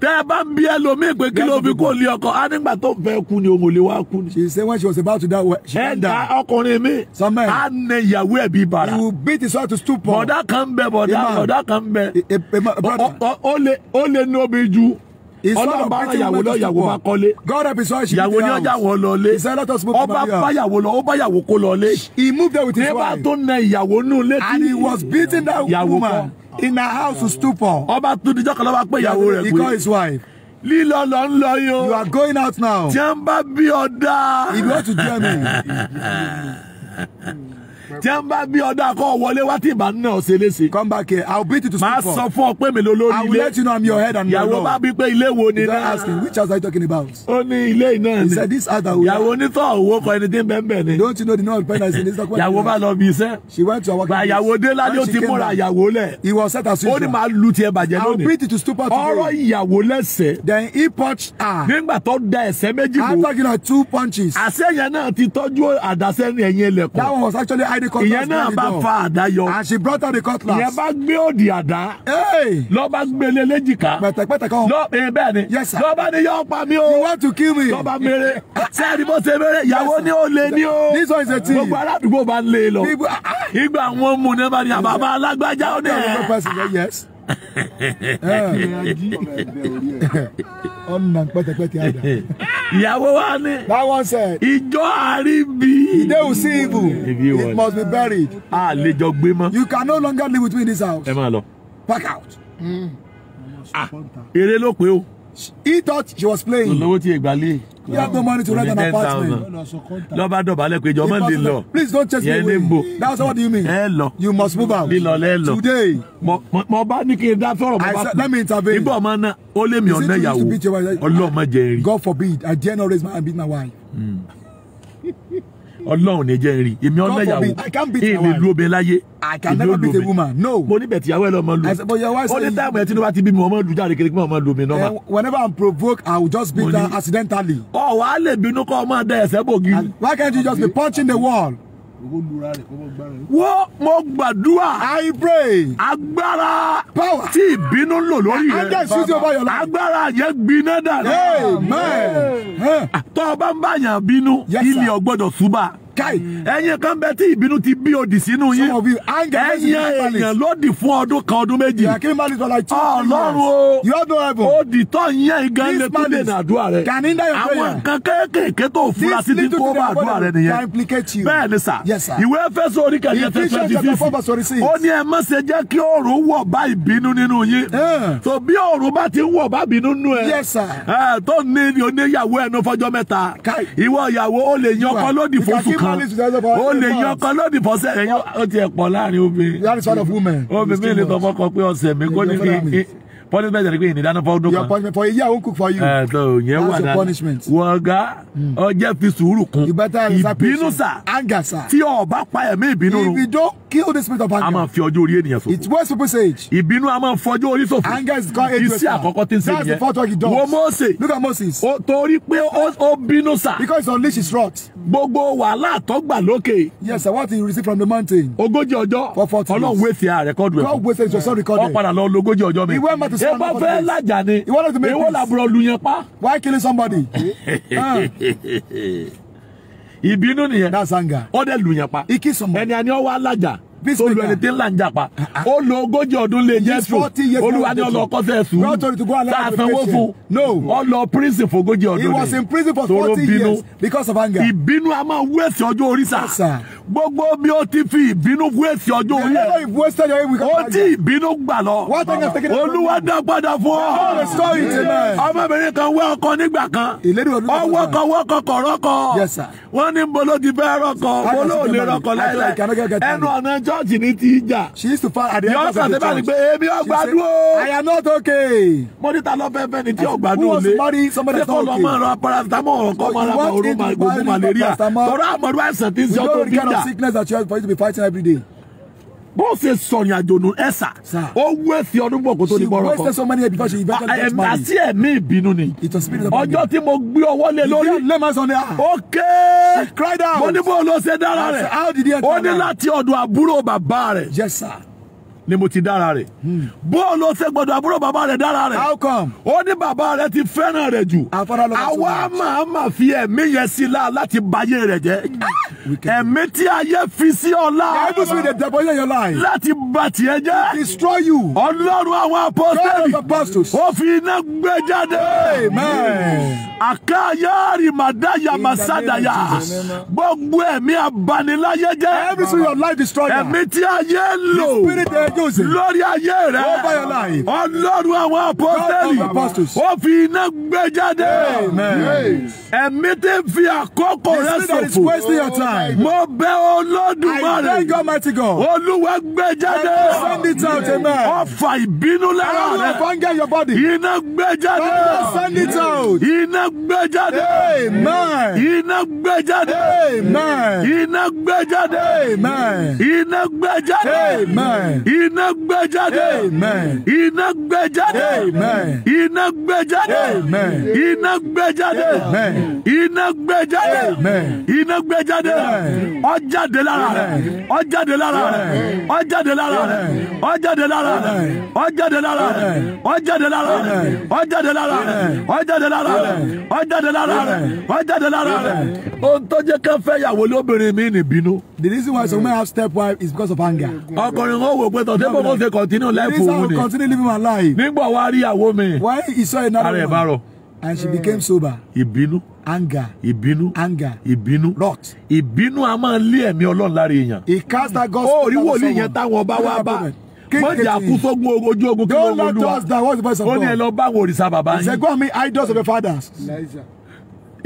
tẹ́ ẹ bá ń bí ẹlòmíì pé kí ló fi kó lé ọkọ á nígbà tó ń fẹ́ kú ni òmòlé wa kú ni. she say when she was about to die she went down. ẹ̀dá ọkùnrin mi á nẹ ìyàwó ẹ̀ bí bara. he will beat his wife to stupor. bọ̀dá kan bẹ bọ̀dá bọ̀dá kan bẹ. ó lè ní omi ju ọlọ́run bá yàwó lọ yàwó bá kọ́lé yàwó ní ọjà wọn lọ lé ọba bá yàwó lọ ó bá yàwó kó lọ lé nígbà tó na ìyàwó nù létí yàwó kọ́ in her house to stupor. ọba tún dijọ́ kan lọ́ba pé ìyàwó rẹ̀ pé. he called his wife. lílọ lọ ń lọ yó. you are going out now. tí bá bí ọ̀dà. if you want to Germany. tí wọ́n bá bí ọdọ akọ wọlé wá tí ìbá náà ṣe léṣe. come back here i will beat you to school for. máa sọ fún ọ pé mi lólórí ilé. i will let you know i'm your head and my lord. yàwó bá bí pé ilé wo ni náà. ask him which house are you talking about. ó ní ilé náà ni. he said this house that we. yàwó onítọ̀ owó kọ ẹni tí ń bẹ́ẹ̀ ni. don't you know the number of parents in this document. yàwó bá lọ bí iṣẹ́. she went to her working place. dé lálẹ́ ó ti múra yàwó lẹ̀. he was set as usual. ó ní máa lu tiẹ̀ bàjẹ́ lónìí. i will beat you to stupor today. ọ̀rọ̀ ìyàwó lẹ́sẹ̀. then he punched her. nígbà tó da i'm talking about two punches. àṣẹ yẹn náà ti tọ́jú àdàsẹ́ ẹ̀yìn ẹlẹ́kùn. that one was actually ìyẹn náà bá fa àdá yọ ìyẹn bá gbé òdì àdá lọ bá gbé lélẹ́jìká lọ eh, bẹ́ẹ̀ ni lọ bá ní yọ pa mí o lọ bá mèrè sẹ́ẹ̀rì bó ṣe mèrè ìyàwó ni ó lé ní o gbogbo aládùúgbò bá lé lọ ah, ah. ìgbà àwọn mú ní bá ní ah, àbábá alágbájá ó dẹ̀ eh. ọ̀nà pẹ́tẹ́pẹ́tẹ́ àdá. ìyàwó wa ní. that one said. ìjọ àríbi. ìdè òsì ibù. it must be buried. a lè jọ gbé mọ́. you can no longer live with me in this house. ẹ máa lọ. pack out. Mm. ah eré ló pé o. he thought she was playing. olówó tí ègbà lè you have no money to rent an apartment. lọ́ba dọ̀bálẹ̀ pé ìjọ ọmọ lè lọ. please don't chase me away. yẹn ní that's what you mean. ẹ lọ. you must move out. lílọ lẹ lọ. today. mo mo bá ní kí n dá sọ̀rọ̀ mo bá kú. let me intervene. ibò ọmọ náà ó lé mi ọ̀nà ìyàwó ọlọ́mọ jẹ rí. God forbid I dare not raise my hand beat my wife. Hmm. Ọlọ́run ní jẹ́ rí èmi ọlẹ́yàwó èmi lu obìnrin láyé èmi ò lu obìnrin mo níbẹ̀ tíyàwó ẹ lọ ọmọ lu ó ní táàmù ẹ tí ní wá ti bí mi ọmọ lu jáde kiri pé lu mi nọ́mà. whenever i'm provoked i will just beat her accidentally. ọ̀ wàá lè bínú kọ́ ọmọ dẹ̀ ẹ̀sẹ̀ bògiri. why can't you just be punching the wall owó lura rẹ̀ wọ́n mo gbàdúrà. I pray. agbára. power tí ìbínú ń lò lórí rẹ̀. ajá ìṣúsí ọba yọ̀lá. agbára yẹn gbiná dànù. amen. tọ́ ọ bá ń bá yàn bínú ilé ò gbọ́dọ̀ súbà kai mm. ẹ̀yin kan bẹ tí ìbínú ti bí odi sínú yín ẹ̀yin èèyàn ló dì fún ọdún kan ọdún méjì ah, ọlọ́run o odi tọ́ yẹn gan lè tún lè nàdúrà rẹ àwọn nǹkan kéékèèké tó fura sí ti kó bá àdúrà rẹ nìyẹn bẹ́ẹ̀ ni sà ìwé Éfésù orí kẹ̀kẹ́ tẹ̀ twenty-six ó ní ẹ má ṣe jẹ́ kí oòrùn wọ̀ bá ìbínú nínú yín tó eh. bí oòrùn bá ti ń wọ̀ bá bínú nínú ẹ eh, tó ní oníyàwó ẹnu fọjọ́ mẹ́ta ìwọ ìyàwó ó lè yan ọkọ lódì fóṣù kan kan ó lè yan kan lónìí bọ́sẹ̀ rẹ̀ ó ti ẹ̀ pọ̀ láàrin obìnrin obìnrin mi lè tọ́ fọ́kọ pé ọ̀sẹ̀ mi kó ní kí punishment ẹni pé ìnìdáná fọdún kan. your punishment for a year I cook for you. ẹ tó yẹn wà dáná that's your punishment. wọ ọgá ọjẹ hmm. fi sùúrù kun ìbínú sir. anger sà tí ọba pa ẹ̀mí ìbínú run. if you don't kill the spirit of anger. a máa fi ọjọ́ orí ènìyàn ṣòfò. it's worse people's age. ìbínú a máa fọjọ́ orí ṣòfò. anger is called age waste. iṣẹ́ àkọ́kọ́ tí ń ṣe nìyẹn. that's the first work he does. wo look at Moses. o torí pé ó bínú sir. because he unleash his wrath. gbogbo wàhálà àtọ́gbà lókè. yes sir what he receive from the mountain. ogójì ọjọ́. for forty years. ọlọ́run wé fi àrẹ́kọ́dù ẹ̀. God wait till your son record it. wọ́n padà lọ lógójì ọjọ́ mi. he went back to to stand up for the faith. Laja You want to make peace. Èwo lu yẹn Why killing somebody? Ah. Ìbínú nìyẹn. That's anger. Ó dẹ̀ lu yẹn pa. He kill somebody. Ẹni àni ó wá lájà tolu ẹni tí ń là ń jàpá ah, ah, ah. ó lo ogójì ọdún lé jésù olúwa ní ọlọ ọkọsẹ ẹsùn sàsanwó fún ọlọ prison for ogójì ọdún ni tóró bínú ìbínú a máa wú èsì ọjọ́ orí sà gbogbo bí ó ti fi ìbínú wú èsì ọjọ́ orí ẹ̀ ó ti ìbínú gbà lọ olúwa dá padà fún ọ ọmọbìnrin kan wẹ ọkọ nígbà kan ọwọ́ kan wọ́kọ̀ kọ̀ rọ́kọ̀ wọ́n ní bolo ti fẹ́ rọ́kọ̀ bolo ò lè rọ́kọ̀ láìláì ẹnu ọ̀nà ìjọ church ní ti jà. she used to fight at the end of the church. yọ̀ọ́sà sẹ́fà ni pé èmi ọ̀gbádùn I am not okay. mo ní ta lọ fẹ́ fẹ́ ni tí ọ̀gbádùn o lé. ṣé kò lọ máa ra paracetamol kọ́ máa ra òògùn malaria. tọ́lá àmọ́dún àìsàn ti ń ṣe ọkọ̀ fíjà. we don't get enough sickness that you have for you to be fighting every day bó ṣe sọ̀rìn àjò nù ẹ sà ó wú ẹ̀sìn ọdún bọ̀ kó tó ní bọ́rọ̀ kan àti ẹ̀mí ìbínú ni ọjọ́ tí mo gbé ọwọ́ lé lórí ó ké mo ní bó ló ṣe dára rẹ̀ ó ní láti ọ̀dọ̀ àbúrò bàbá rẹ̀ ni mo ti dára rẹ̀. Hmm. bóòlù ṣe gbọdọ̀ àbúrò bàbá rẹ̀ dára rẹ̀. how come. ó ní bàbá rẹ̀ ti fẹ́ràn rẹ̀ jù. àwa máa ma fi ẹ̀mí yẹn sí i la láti bayé rẹ̀ jẹ́. Ah! ẹ̀mí tí ayé fi sí ọ̀la. the enemy will destroy your life. láti bà tiẹ̀ jẹ́. destroy you. ọlọ́run àwọn apostoli. ó fi iná gbé jáde. amen. àkàyàrì màdáyà màsádàyà. gbogbo ẹ̀mí abaniláyé jẹ́. every single life destroy you. ẹ̀mí tí ayé lò. the lórí ayé rẹ ọlọ́run àwọn apọ́sítẹ́lì ó fi iná gbé jáde ẹ̀mí tí ń fi àkókò rẹ ṣòfò mo bẹ olódùmarè olúwa gbé jáde ọfà ìbínú lára rẹ iná gbé jáde iná gbé jáde iná gbé jáde iná gbé jáde iná gbé jáde iná gbẹ jáde. iná gbẹ jáde. iná gbẹ jáde. iná gbẹ jáde. iná gbẹ jáde. iná gbẹ jáde. ó jáde lára rẹ̀. ó jáde lára rẹ̀. ó jáde lára rẹ̀. ó jáde lára rẹ̀. ó jáde lára rẹ̀. ó jáde lára rẹ̀. ó jáde lára rẹ̀. ó jáde lára rẹ̀. ó jáde lára rẹ̀. ó jáde lára rẹ̀. ohun tó jẹ́ ká fẹ́ yàwó lóbìnrin mi nìbínú. the reason why some men have step wife is because of anger. ọkùnrin ó wò pé tó was able to say continue life ni continue living my life nígbà wa rí ìyàwó mi why he saw another bá rọ̀ and she became sober ìbínú anger ìbínú anger ìbínú rot ìbínú a máa lé ẹ̀mí Ọlọ́run lára èèyàn he cast that gospel oh, down on someone ó rí wòlíì yẹn táwọn ọba wa bá mọ̀jà kú sógun ojú ogun kí ló ń wọlúwa ó ní ẹ lọ bá àwọn bàbá yín. he said go and meet idols of your fathers.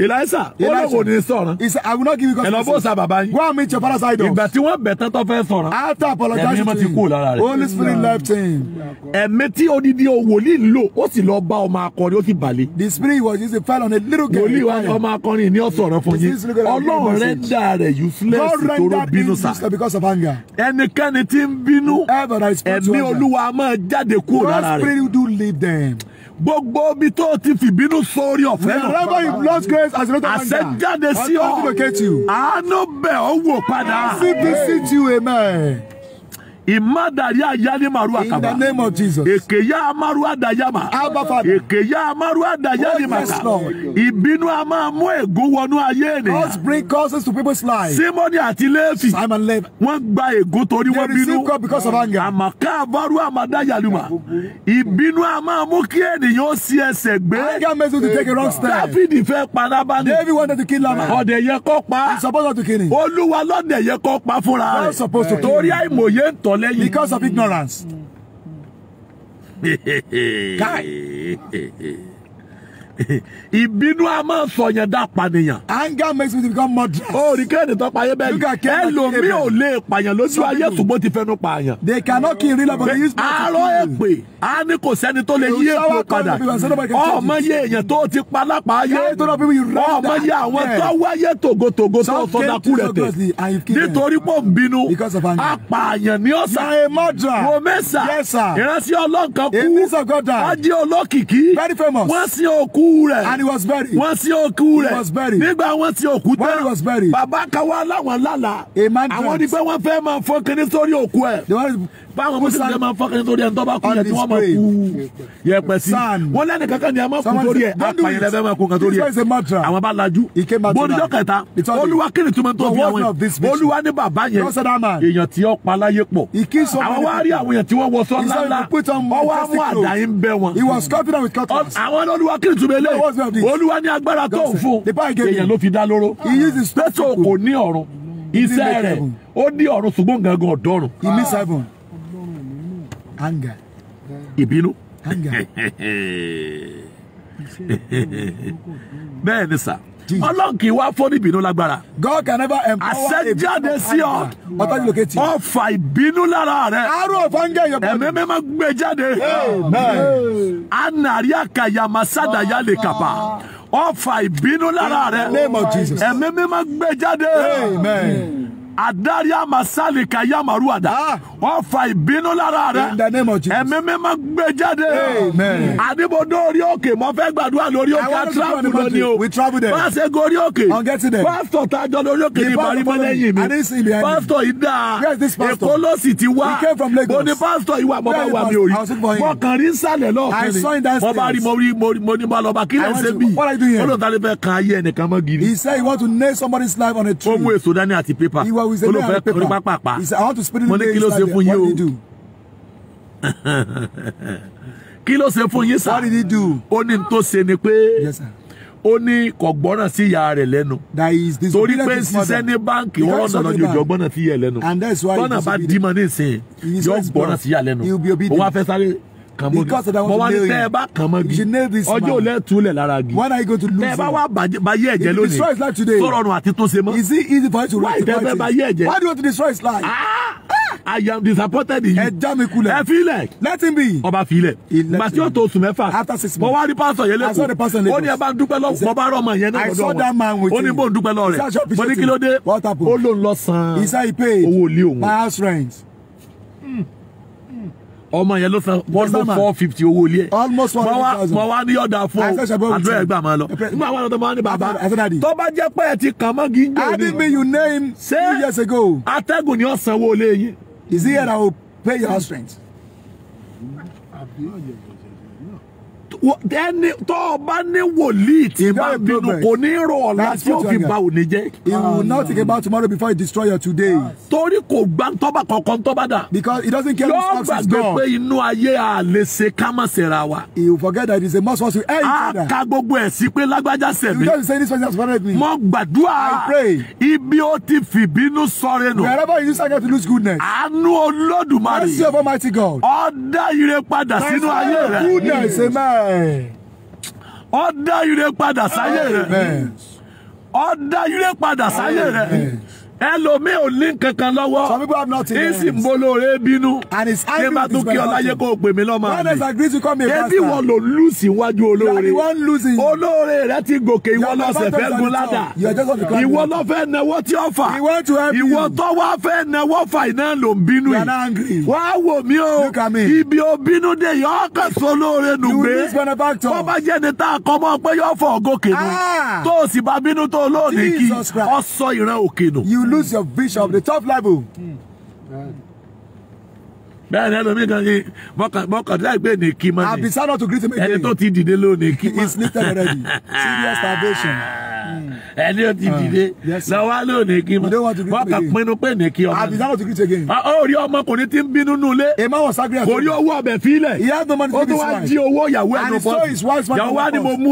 Elisa ó lè wò ní sọ̀rọ̀. he said I will not give you God. ẹ̀lọ́ bó sa bàbá yín. go and meet your father's idol. ìgbà tí wọ́n bẹ̀ tán tó fẹ́ sọ̀rọ̀. after apologizing to him ẹ̀mí ti kú lára rẹ̀. holy spirit left him. ẹ̀mí tí odidi wòlíì lò ó sì lọ bá ọmọ akọrin ó sì balẹ̀. the spirit was used to fall on a little girl. wòlíì wa ọmọ akọrin ni ó sọ̀rọ̀ fún yín. ọlọ́run rẹ̀ dà rẹ̀ useless toro bínú sa. ẹnikẹ́ni tí ń bínú ẹ̀mí olúwa máa jáde kúrò gbogbo ibi tó o ti fìbínú sórí ọ̀fẹ́ náà. wherever you lost grace as a result of anger. àṣẹjáde sí ọ àánú bẹ̀ ọ́ wò padà. mercy visit you amen. Imadari ayani maru akaba. In the name of Jesus. Ekeya amaru adayama. Abba Father. Ekeya amaru adayani oh, maka. Ìbínú a máa mú ègún wọnú ayé ènìyàn. Cause bring causes to people's lives. Simoni àti Léfì. Simon Levi. Wọ́n gba ègún torí wọ́n bínú. They receive God because of anger. Àmàká àbárú àmàdáyàlùmá. Ìbínú a máa mú kí ènìyàn ó sí ẹsẹ̀ gbé. Anger makes you to take a wrong step. Dáfídì fẹ́ pa Lábánì. David wanted to kill Laban. Ọ̀dẹ̀ yẹ kọ́ pa. He's supposed to kill him. Olúwa lọ́dẹ̀ yẹ kọ́ pa fúnra rẹ̀. Not supposed to kill him. Torí àìmọye ń tọ́ sọ lẹ́yìn. because of ignorance. Mm. Mm. Mm. guy. ìbínú a máa sọ yẹn dá pànìyàn. anger makes me become murderer. o rí kẹ́hìn tó pa ayé bẹ́ẹ̀ ni ẹlòmíì ò lè pààyàn lójú ayé ṣùgbọ́n ti fẹ́nu pààyàn. they cannot kill real but they use power to kill. arọ èpè a ní kò sẹ́ni tó lè yí èpè padà ọmọ yé èèyàn tó ti pa lápá ayé ọmọ yé àwọn tó wáyé tògótògó tó sọdakú rẹ tẹ nítorí pò ń bínú apààyàn ní ọ̀sà wòmẹ́sà ìránṣẹ́ ọlọ́kan kú ọjọ́ olókìkí wọ́n sin òkú òkú rẹ̀. and he was buried. wọ́n sin òkú rẹ̀. he was buried. nígbà wọ́n sin òkú tán. when he was buried. bàbá kan wá láwọn lálàá. a man dreamt. àwọn ni pé wọ́n fẹ́ máa fọ́ kiri sórí òkú ẹ̀. the one báwọn mùsùlùmí máa ń fọkàn nítorí ẹni tó bá kú yẹn tí wọ́n máa kú yẹpẹ̀ sí wọ́n lẹ́nu kankan ni a máa kú torí ẹ̀ apàyẹlẹ fẹ́ máa kú nǹkan torí ẹ̀ àwọn bá lajú bóníjọ́ kẹta olúwa kiri tó máa tó fi àwọn olúwa ní bàbá yẹn èèyàn tí ó pa láyé pọ̀ àwọn wá rí àwọn èèyàn tí wọ́n wọṣọ ńláńlá ọwọ́ àwọn àdá yín bẹ́ wọn àwọn olúwa kiri tó mele olúwa ní agbára tó fún anger ìbínú anger bẹ́ẹ̀ ni sà ọlọ́run kì í wá fún ìbínú lágbára. God can never empower a people of anger. ọ̀tọ́jú lókèétì. ọ̀fà ìbínú lára rẹ̀. arrow of anger your body. ẹ̀mí mi máa gbé e jáde. anari akayamasa yale kapa. ọ̀fà ìbínú lára rẹ̀. ẹ̀mí mi máa gbé e jáde adaria masali kaya maruada wọn fa ìbínú lára rẹ ẹ̀mí mi máa gbé jáde adibodo orí òkè mo fẹ́ gbàdúrà lórí òkè atrapu lónìí o bá a pastor? gorí òkè pásítọ̀ tajọ lórí òkè ní ìbárímọ́ lẹ́yìn mi pásítọ̀ ìdá èkó ló sì ti wá mo ní pásítọ̀ ìwà mo bá wà mí òrí mo kàn rí sàlẹ̀ lọ́ọ̀kẹ́rẹ́ mo bá rí mo rí mo ní mo lọ bá kí lè ṣe bí olùdarí fẹ́ kan ayé ẹnìkan mọ́ gírí. he said he want to nail somebody's life on a tree. ó mú èso dání àti pépà but with a pen and paper. Papa. He said, I want to spend the day inside there. What did he do? Kí ló ṣe fún yín sá? What did he do? Ó ní tó ṣe ni pé. Yes, sir ó ní kò gbọ́ràn sí ìyá rẹ̀ lẹ́nu torí pé ń ṣiṣẹ́ ní báǹkì wọ́n rọ̀nà lọ́jọ́ ìjọ gbọ́ràn sí ìyá lẹ́nu tọ́nà bá dímọ̀ nísìnyí yóò gbọ́ràn sí ìyá lẹ́nu òun á fẹ́ sáré kàn mọ́gi mo wá ní tẹ́ ẹ bá kàn mọ́gi ọjọ́ òlẹ̀ túlẹ̀ lára gi tẹ́ ẹ bá wá báyé ẹ̀jẹ̀ lónìí tọrọ nù àti tó ṣe mọ́ wáyé tẹ́ báyé ẹ̀jẹ̀ I am disappointed in you. ẹja mi kulẹ̀. ẹ filẹ̀. let him be. ọba filẹ̀. gbàtí o tó oṣù mẹ́fà. after six months. mo wá rí pásọ̀ yẹn lẹ́kọ̀ọ́. I saw the person lẹ́kọ̀ọ́. ó ní ẹ bá ń dúpẹ́ lọ́wọ́. mo bá rọ ọmọ yẹn náà lọ́dọ̀ I saw that man with you. ó ní bó ń dúpẹ́ lọ́wọ́ rẹ̀. mo ní kí ló dé. what happened. ó lóun lọ san. he said he paid. owó ilé òun. my house rent. Mm ọmọ yẹn ló san one thousand four fifty owó ilé ẹ mọ wá ní ọ̀dà fún àdúrà ẹgbà máa lọ nígbà wọn tó máa ní bàbá tó bá jẹ́ pé ẹ ti kàn mọ́ kí n jò ní ṣé atẹ́gùn ni ó sanwó ilé is he here that will pay your house rent ẹni tó o bá ní wòlíì tí bá bínú kò ní rọ ọ̀la tí ó fi ba jẹ́. he will not think about tomorrow before he destroy your today. torí kò gbà tọ́ba kankan tọ́ba dà. because he doesn't care who stops his door. yóò gbàgbé pé inú ayé a lè ṣe ká má ṣe wa. he will forget that it is a must for us to air each other. a ka gbogbo ẹ̀ sí pé lágbájá sẹ̀ mi. you just say this person has bothered me. mo gbàdúrà. I pray. ibi ó ti fìbínú sọ̀rọ̀ nù. wherever you use anger to lose goodness. àánú Olódùmarè. mercy of Almighty God. ọ̀dà ire padà sínú ayé rẹ̀. goodness amen ọ̀dà yìí lè padà sáyé rẹ̀ ọ̀dà yìí lè padà sáyé rẹ̀ ẹlòmíì ò ní kankan lọ́wọ́. some ń bolo rẹ bínú. and his angry is very important. kí n bá tún kí ọláyé kó o pè mí lọ́mọ mi. one is agree to come a pastor. ebi wọn ló lùsì wájú olóore. you are the one losing. olóore rẹ ti gòkè ìwọ lọ́sẹ̀ fẹ́ gun ládàá. ìwọ lọ fẹ́ tí ó fà. he want to help you. ìwọ tó wá fẹ́ fà iná ló ń bínú yìí. you are angry. wá wò mí o. look at me. ibi o bínú dé yọ ọkàn sọ olóore nù gbé. you need benefactor. bọ́ bá jẹ́ ni tá a kọ́ mọ́ pé yọ fọ ògòkè nù. Ah! tó o sì bá bínú tó olóore kí ọ sọ ìran òkè nù. you lose your vision of the top level. Hmm. Hmm bẹ́ẹ̀ ni ẹlòmíì kan ṣe mọ́kàndínláì pé ní kí mọ́ ni. àbí sáà náà to greet him again. ẹni tó ti dìde ló ní kí mọ́. he is lifted already serious starvation. ẹni tó ti hmm. dìde ah, lọ́wọ́ ló ní kí mọ́. mọ́kà pinnu pé ní kí ọmọ ni. àbí sáà náà to greet again. Ah, ó rí ọmọkùnrin tí ń bínú nù lé. a was angry at him. kò rí owó ọbẹ̀ fílẹ̀. he had no money to give his wife. ó tún wá jí owó ìyàwó ẹnu pọ̀. and he saw his wife's ìyàwó wa ni mo mú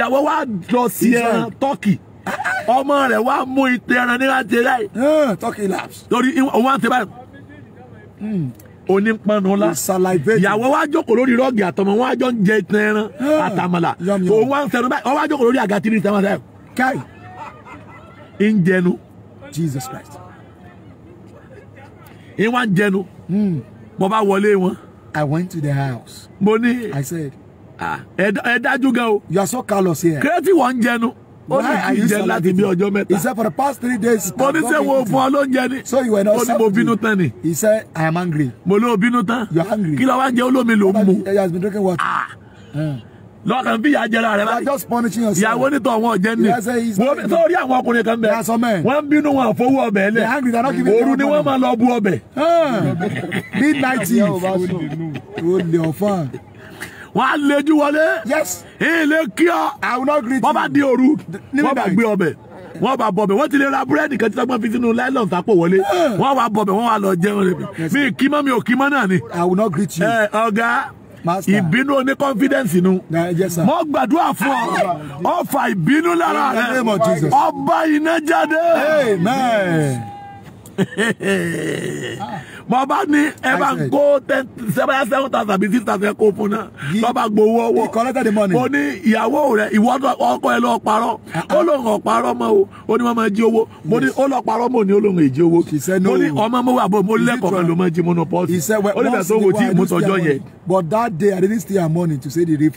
ọ ìyàwó wa jọ sí ẹran tọ́kì ọmọ rẹ̀ wá mú ìpè ẹran ní láti rẹ̀. Ah, tọ́kì labs. torí òun á ti báyìí hmm. onípanu la ìyàwó wa jókòó lórí rọ́ọ̀gì àtọmọ wọn àjọ ń jẹ ìtàn ẹran ah, àtàmàlà òun wá ń sẹnu báyìí wọn wá jókòó lórí àga tìrì ìtàn ẹran. káì ń jẹnu. Jesus Christ. ń wá ń jẹnu. Hmm. mo bá wọlé wọn. I went to the house. mo ní. I said. Ah. ẹ dájú gan o. you are so callous here. kírẹ́tì wọ́n ń jẹnu ó ní kí jẹ láti bí ọjọ́ he said for the past three days. mo ní sẹ́ wo fún ọ lóúnjẹ so you were not serving me. ó he said I am angry. mo ló bínú you are angry. kí ló wá ń jẹ he has been drinking water. ah. Mm lọ́kàn bí ìyá jẹrà rẹ báyìí ìyàwó nítọ̀ wọn jẹ́ ní sórí àwọn ọkùnrin kan bẹ wọn bínú wọn àfọwọ́ ọbẹ̀ lẹ̀ òru ni wọ́n máa lọ bu ọbẹ̀. Hmm. midnight eve o lè ọ̀fọ́n wọ́n á lejú wọlé. yes. ilé kí ọ. i will not greet you. wọ́n bá di òru. wọ́n bá gbé ọbẹ̀ wọ́n bá bọ̀bẹ̀ wọ́n ti lè ra búrẹ́dì kan tí sọ́gbọ́n fi sínú láìlọ́n sápò wọlé wọ́n wá bọ̀bẹ̀ wọ́n wá lọ jẹun rẹ̀ mi kí mọ́ mi ò kí mọ́ náà ni. i will not greet you. ẹ ọ̀gá ìbínú oní confidence nu mo gbàdúrà fún ọ ọfà ìbínú lára rẹ ọba iná jáde. amen. bọ́ bá ẹ bá ń kó seven seven thousand àbí six thousand kó fún náà lọ́ bá gbowó ọwọ́ mo ní ìyàwó rẹ ìwọ ọkọ ẹ lọ parọ́ uh-uh. ó lóun ọ̀parọ́ mọ́ o ó ní wọ́n máa jí owó mo ní ó lọ parọ́ mọ́ ní olóhùn èjì owó mo ní ọmọ mo wà bó mo lẹ́kọ̀ọ́ kan ló máa jí mọ́nà pọ́ọ̀sì ó nígbà tó wò tí mo tọjọ́ yẹn. But that day I didn't stay her money to say the real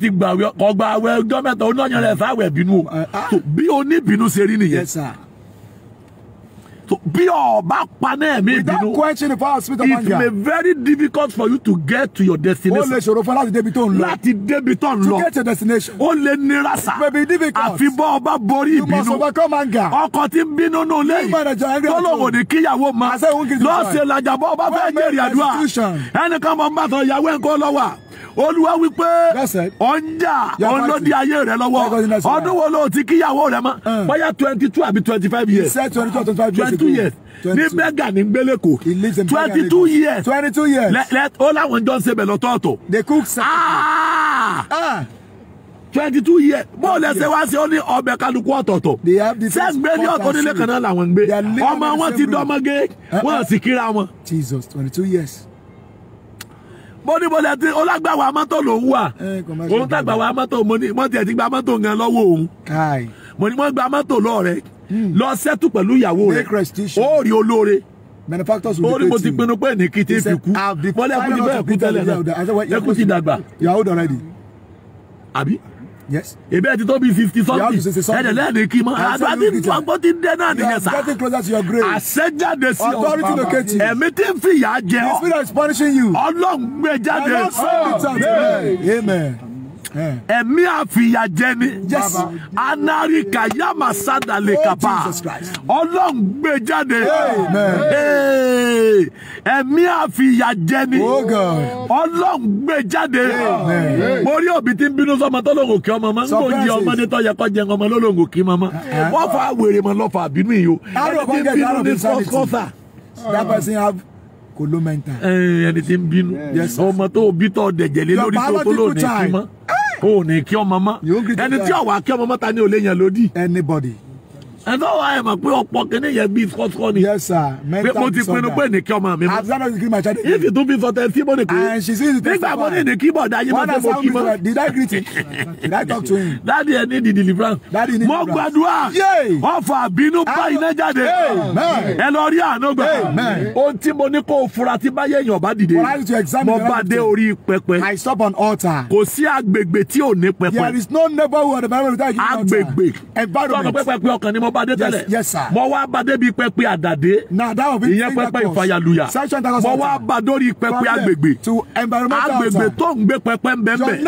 ti gbàwé ọgbà àwẹ̀ ọjọ́ mẹ́ta oníyanrẹ fáwẹ̀ bínú o uh, ah. bí oníbínú ṣe rí nìyẹn bí ọba paná ẹ̀mí ìbínú it may very difficult for you to get to your destination. ó lè ṣòro fún láti débi tó ń to get your destination. ó lè nira may be difficult. àfi bọ́ ọba you must overcome anger. ọkọ tí ń bínú nù lẹ́yìn. tó lòun ò ní kíyàwó ma. lọ́ọ̀ṣẹ̀ làjàbọ̀ ọba fẹ́ jèrè àdúrà. ẹnìkan mọ̀ ń bàtọ̀ ìyàwó ẹ̀kọ́ lọ́wọ́ olúwa wípé ọ̀njà ọ̀nlọ́dí ayé rẹ lọ́wọ́ ọdún wo ló ti kíyàwó rẹ mọ́ uh. bóyá twenty two àbí twenty five years twenty two years ní mẹ́gà ní gbéléko twenty two years twenty two years ó láwọn jọ ń ṣe bẹ̀lẹ̀ ọ̀tọ̀ọ̀tọ̀ twenty ah! ah! two years bó lẹ ṣe wá sí ó ní ọbẹ̀ kálukú ọ̀tọ̀ọ̀tọ̀ sẹ́gbẹ́ ní ọ̀tọ̀ nílé kan náà làwọn ń gbé ọmọ wọn ti dọ́mọ́gé uh-uh. wọn sì kíra wọn. Jesus twenty two years mo ní mo lẹ ti olágbàwọ amọtò lòún wà òun tàgbàwọ amọtò mo ní mo tiẹ̀ ti gba amọtò gan lọ́wọ́ òun mo ní mo gba amọtò hmm. lọ lọ sẹ́tù pẹ̀lú ìyàwó rẹ ó rí olóore ó ní mo ti pinnu pé ní kí fi kú mọ́lẹ́ ẹ̀kú ti bẹ́ẹ̀ kú tẹ́lẹ̀ náà ẹ̀kú ti dàgbà. àbí. Yes. Ebi ẹti tó be fifty something. Ẹ̀dẹ̀ lẹ́ẹ̀dẹ̀ kí mọ́. Àdúrà tí wọ́n gbọ́ ti dẹ́ náà nìyẹn sá. You are getting closer to your grave. Àṣẹjáde sí ọ̀pá. Authority located. Ẹ̀mí tí ń fi ìyà jẹ ọ́. The spirit is punishing you. Ọlọ́run gbé jáde. The Lord send it out today. Amen ẹ̀mí àfìyàjẹni anarika yamasada lè kaba oh, ọlọ́run gbé jáde. Amen. Amen. Amen jáde ẹ̀mí àfìyàjẹni oh ọlọ́run gbé jáde mo rí òbí tí ń bínú sọmọ tó lóun òkè ọmọ mọ ń gbòó jẹ ọmọ nítọ́ yẹ kọ́ jẹ ọmọ lólóun òkè mọ mọ eh. wọ́n fa wèrè mọ lọ́fà bínú yìí o eh, ẹni tí ń bínú ní sọ́kọ́sà. that person have kolomental. ẹni tí ń bínú ọmọ tó bí tọ́ dẹ̀jẹ̀ lé lórí tó tó lóun ní kí mọ́ òun ní kí ọmọ mọ́ ẹni tí ọ̀wà kí ọmọ mọ́ta ní olè yẹn lódì. anybody ẹ náà wà ẹ mọ̀ pé ọ̀pọ̀ kìíní yẹn bí sọ́sọ́ yes sir mental disorder pé mo ti pinnu pé nìkẹ́ ọmọ mi. àti sábà kìí if you do be for ten tí and she sees the thing for her. keyboard ayé mo ní mo kí did I greet him did I talk to him. dadi ẹ ní di deliverance. dadi ní deliverance. mo gbàdúrà ọ̀fọ̀ àbínú bá iná jáde ẹ lọ rí àánú gbà. ohun tí mo ní kó o fura tí bá yẹ èèyàn bá I stop on altar. kò sí agbègbè tí ò ní there is no neighborhood without an altar. agbègbè. environment. sọ kọ́kọ́ bá dé tẹ́lẹ̀ mo wá bá débi pẹpẹ àdàdé ìyẹn pẹpẹ ìfàyàlùyà mo wá bá dórí pẹpẹ agbègbè agbègbè tó ń gbé pẹpẹ ń bẹ́ẹ̀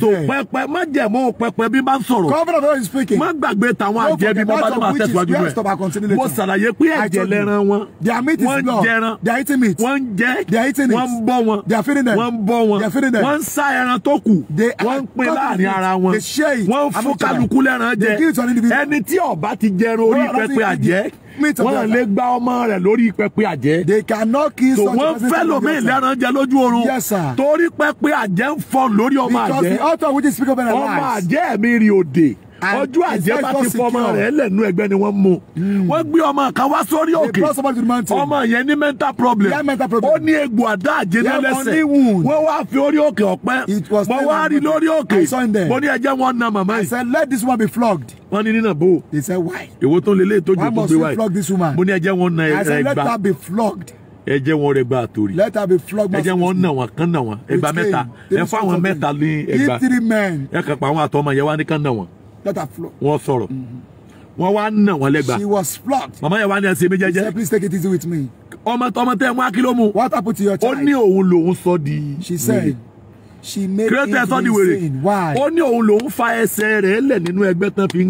tó pẹpẹ má jẹ̀ mọ́ pẹpẹ bí má ń sọ̀rọ̀ má gbàgbé táwọn àjẹbí mo bá tó máa tẹ̀síwájú rẹ̀ mo ṣàlàyé pé ẹ̀jẹ̀ lẹ́ran wọn wọ́n jẹran wọ́n jẹ́ wọ́n ń bọ́ wọn wọ́n ń bọ́ wọn wọ́n ń sá ẹran tó kù wọ́n ń pín láàrin ara wọn wọ́n ń fún kálukú lẹ́ran jẹ ẹni tí ọ̀ bá ti jẹrun orí pẹpẹ àjẹ́ wọ́n lè gba ọmọ rẹ̀ lórí pẹpẹ àjẹ́. they cannot kill so such a jẹ lójú oorun. yes sir. torí pẹpẹ àjẹ́ ń fọ lórí ọmọ àjẹ́. because the author which is speaking of our lives. ọmọ àjẹ́ mi rí òde ọjọ́ àjẹ́ bá ti fọmọ rẹ̀ lẹ́nu ẹgbẹ́ ni wọ́n mú hmm. wọ́n gbé ọmọ kan wá sórí òkè ọmọ yẹn ní mental problem ó ní egbò àdá àjẹnà lẹ́sẹ̀ wọ́n wá fi orí òkè ọ̀pẹ mo wá rí lórí òkè mo ní ẹjẹ́ wọn na màmá yìí. I said let this one be flogged. wọ́n ní nínà bò. they said why. èwo tó ń lélẹ̀ tó jù tó gbé wáyé mo ní ẹjẹ́ wọn na ẹgbà. I said let that be flogged ẹ jẹ́ wọn rẹ gba àtòrí ẹ jẹ́ wọn nà wọn kán nà wọn ẹgbà mẹ́ta ẹ fún àwọn mẹ́ta ní ẹgbà ẹ kàn pa àwọn àtọmọ yẹn wá ní kán nà wọn water flow. wọ́n sọ̀rọ̀ wọ́n wá nà wọ́n she was flogged. Mama, you want to see me? jẹ́jẹ́. she please take it easy with me. ọmọ tọmọ tẹ mú akíló mu. what happened to your child. ó ní òun lòun sọ di. she said. she made him insane why. ó ní òun lòun fa ẹsẹ̀ rẹ̀ lẹ̀ nínú ẹgbẹ́ tán fi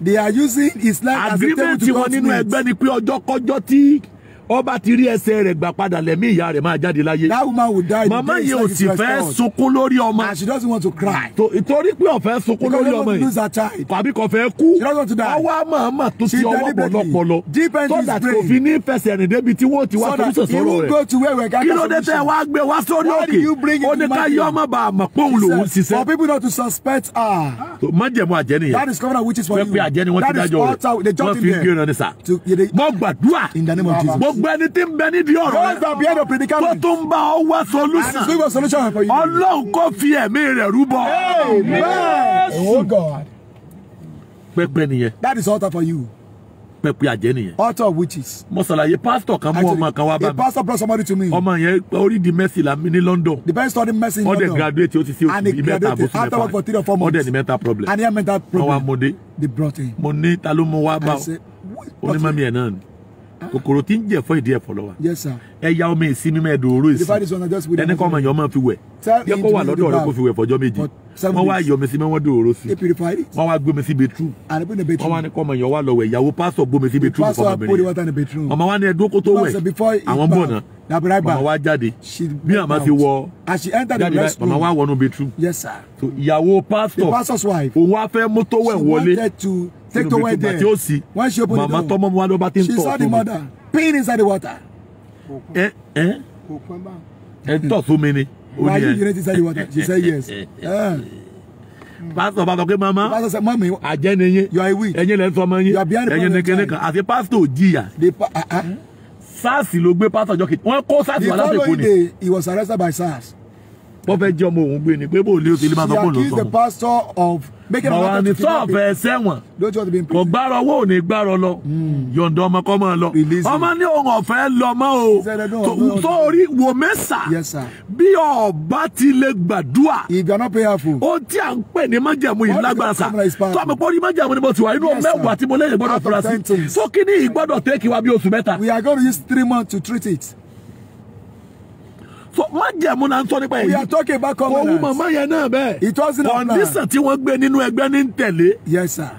they are using Islam as a table to go to meet. agreement wọn nínú ẹgbẹ́ ni pé ọjọ́ kọjọ́ tí ọba ti rí ẹsẹ̀ rẹ̀ gbà padà lẹ́mí ìyá rẹ̀ máa jáde láyé. that woman will die. màmá yìí ò sì fẹ́ sunkún lórí ọmọ. and she doesn't want to cry. torí pé ó fẹ́ sunkún lórí ọmọ yìí tàbí kò fẹ́ kú. she doesn't want to die. ọwọ́ àmàmà tó ti ọwọ́ bọ̀ lọ́pọlọ. deep end so that kò fi ní fẹsẹ̀ rìn débi tí wọ́n ti wá solution sọ̀rọ̀ rẹ̀. kí ló dé tẹ́ wá gbé wá sórí òkè ó ní ká yọ ọmọ bá àmọ̀ pòun lòún ṣiṣẹ́. for people not to suspect her. májèmú àjẹnìyàn. that is covenant which is for you. pé àjẹni wọn ti dájọ́ rẹ̀ wọ́n fi ń gbé gbogbo ẹni tí ń bẹ nídìí ọ̀rọ̀ rẹ tó tún ń bá ọ wá solúsàn ọlọ́run kò fi ẹ̀mí rẹ̀ rúbọ. Oh, pẹpẹ nìyẹn. that is altar for you pẹpẹ àjẹ́ nìyẹn. altar mo ṣàlàyé pásítọ̀ kan mú ọmọ kan wá bá mi. ọmọ yẹn orí di mercy la ní London. ọdẹ graduate o ti ṣe oṣù mẹ́ta for three ọdẹ ni mental problem. ọwọ́ amode. mo ní ta ló wá bá o. onímọ̀ mi ẹ̀ náà ni. Ah. kòkòrò tí ń jẹ fọ ìdí ẹ̀fọ́ lọ́wọ́ ẹ ya omi ìsinmi mẹ́ẹ̀dùn òru ìsìn ẹni kọ́ ọmọ èèyàn máa fi wẹ̀ jẹ́ kó wà lọ́dọ̀ rẹ kó fi wẹ̀ fọjọ́ méjì wọ́n wá yọ omi sí mi wọ́n dùn òru sí wọ́n wá gbé omi sí betru wọ́n wá ní kọ́ ọmọ èèyàn wà lọ́wọ́ ìyàwó pásọ̀ gbé omi sí betru fọmọbìnrin ọmọ wa ní ẹdún kó tó wẹ̀ àwọn bọ̀ náà Mama wa jáde bí màmá ti wọ jáde Mama wa wọnú betru ìyàwó pásọ̀ òun wá fẹ́ mú tó wẹ̀ wọlé take to where there. Tí ó sì. Wọ́n ṣe bóyá. Màmá She saw the mother Pain inside the water. eh. Ẹ And talk sómi many. Why you urinating inside the water? She said yes. Pásítọ̀ eh. Pastor, sọ pé mama. Pastor said, mami. Àjẹ́ ni yín. You are a witch. Ẹ̀yin lẹ́ ń sọ ọmọ You are behind the problem. Ẹ̀yin ni kẹ́ni kan. Àti pásítọ̀ jìyà. The pa ah ah. SARS ló gbé pásítọ̀ pastor kejì. Wọ́n kó SARS The following day he was arrested by SARS wọ́n fẹ́ jẹ́ ọmọ òun gbé ni pé bó lé o ti lè máa sọ pé ló sọ bàbá ni sọ́ọ̀fẹ́ sẹ́wọ̀n kò gbárọ̀ owó ò ní gbárọ̀ lọ hmm. yọ̀ǹda ọmọ kọ́ máa lọ ọmọ ní òun ọ̀fẹ́ lọ mọ́ o sórí wò mẹ́sà bí ọba ti lè gbàdúà ó tí à ń pè ní májẹ̀mú yìí lágbára sà tó àmì pọ́n ní ni mo ti wà inú mẹ́wàá tí mo lẹ́yìn gbọ́dọ̀ fura sí sókè ní ìgbọ́dọ̀ tẹ́kì wa bí oṣù mẹ́ta. we are going to use three months to treat it májẹ̀mú náà ń sọ nípa èyí. we are talking about covenant. owó màmá yẹn náà bẹ́ẹ̀. it was not planned. kọ̀ǹdísàn tí wọ́n gbé nínú ẹgbẹ́ ní tẹ̀lé. yes sir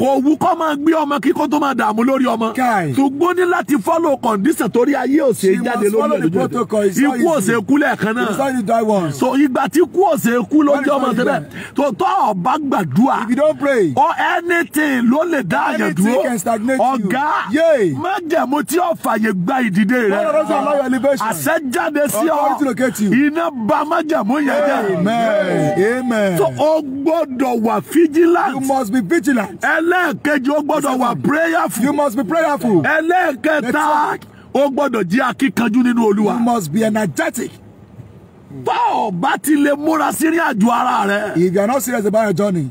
kò wù kọ́ máa gbé ọmọ kíkó tó máa dààmú lórí ọmọ ṣùgbọ́n ní láti follow condition torí ayé ò ṣe jáde lórí ẹ̀dọ́jọ́ ikú ò ṣe kú lẹ́ẹ̀kan náà so ìgbà tí ikú ò ṣe kú lójú ọmọ tẹ́lẹ̀ tó tọ́ ọba gbàdúrà ọ anything ló lè dá àyàn dúró ọ̀gá májẹ̀mú tí ó fàyè gba ìdìde rẹ̀ àṣẹjáde sí ọ iná ba májẹ̀mú yẹn jẹ́ so o gbọ́dọ̀ wà vigilant. you must be vigilant ẹlẹ́ẹ̀kejì ó gbọ́dọ̀ wà prayerful. you must be prayerful. ẹlẹ́ẹ̀kẹta ó gbọ́dọ̀ jẹ́ akíkanjú nínú olúwa. you must be energetic. bá bá ti lè múra sí ìrìn àjò ara rẹ. if you are not serious about your journey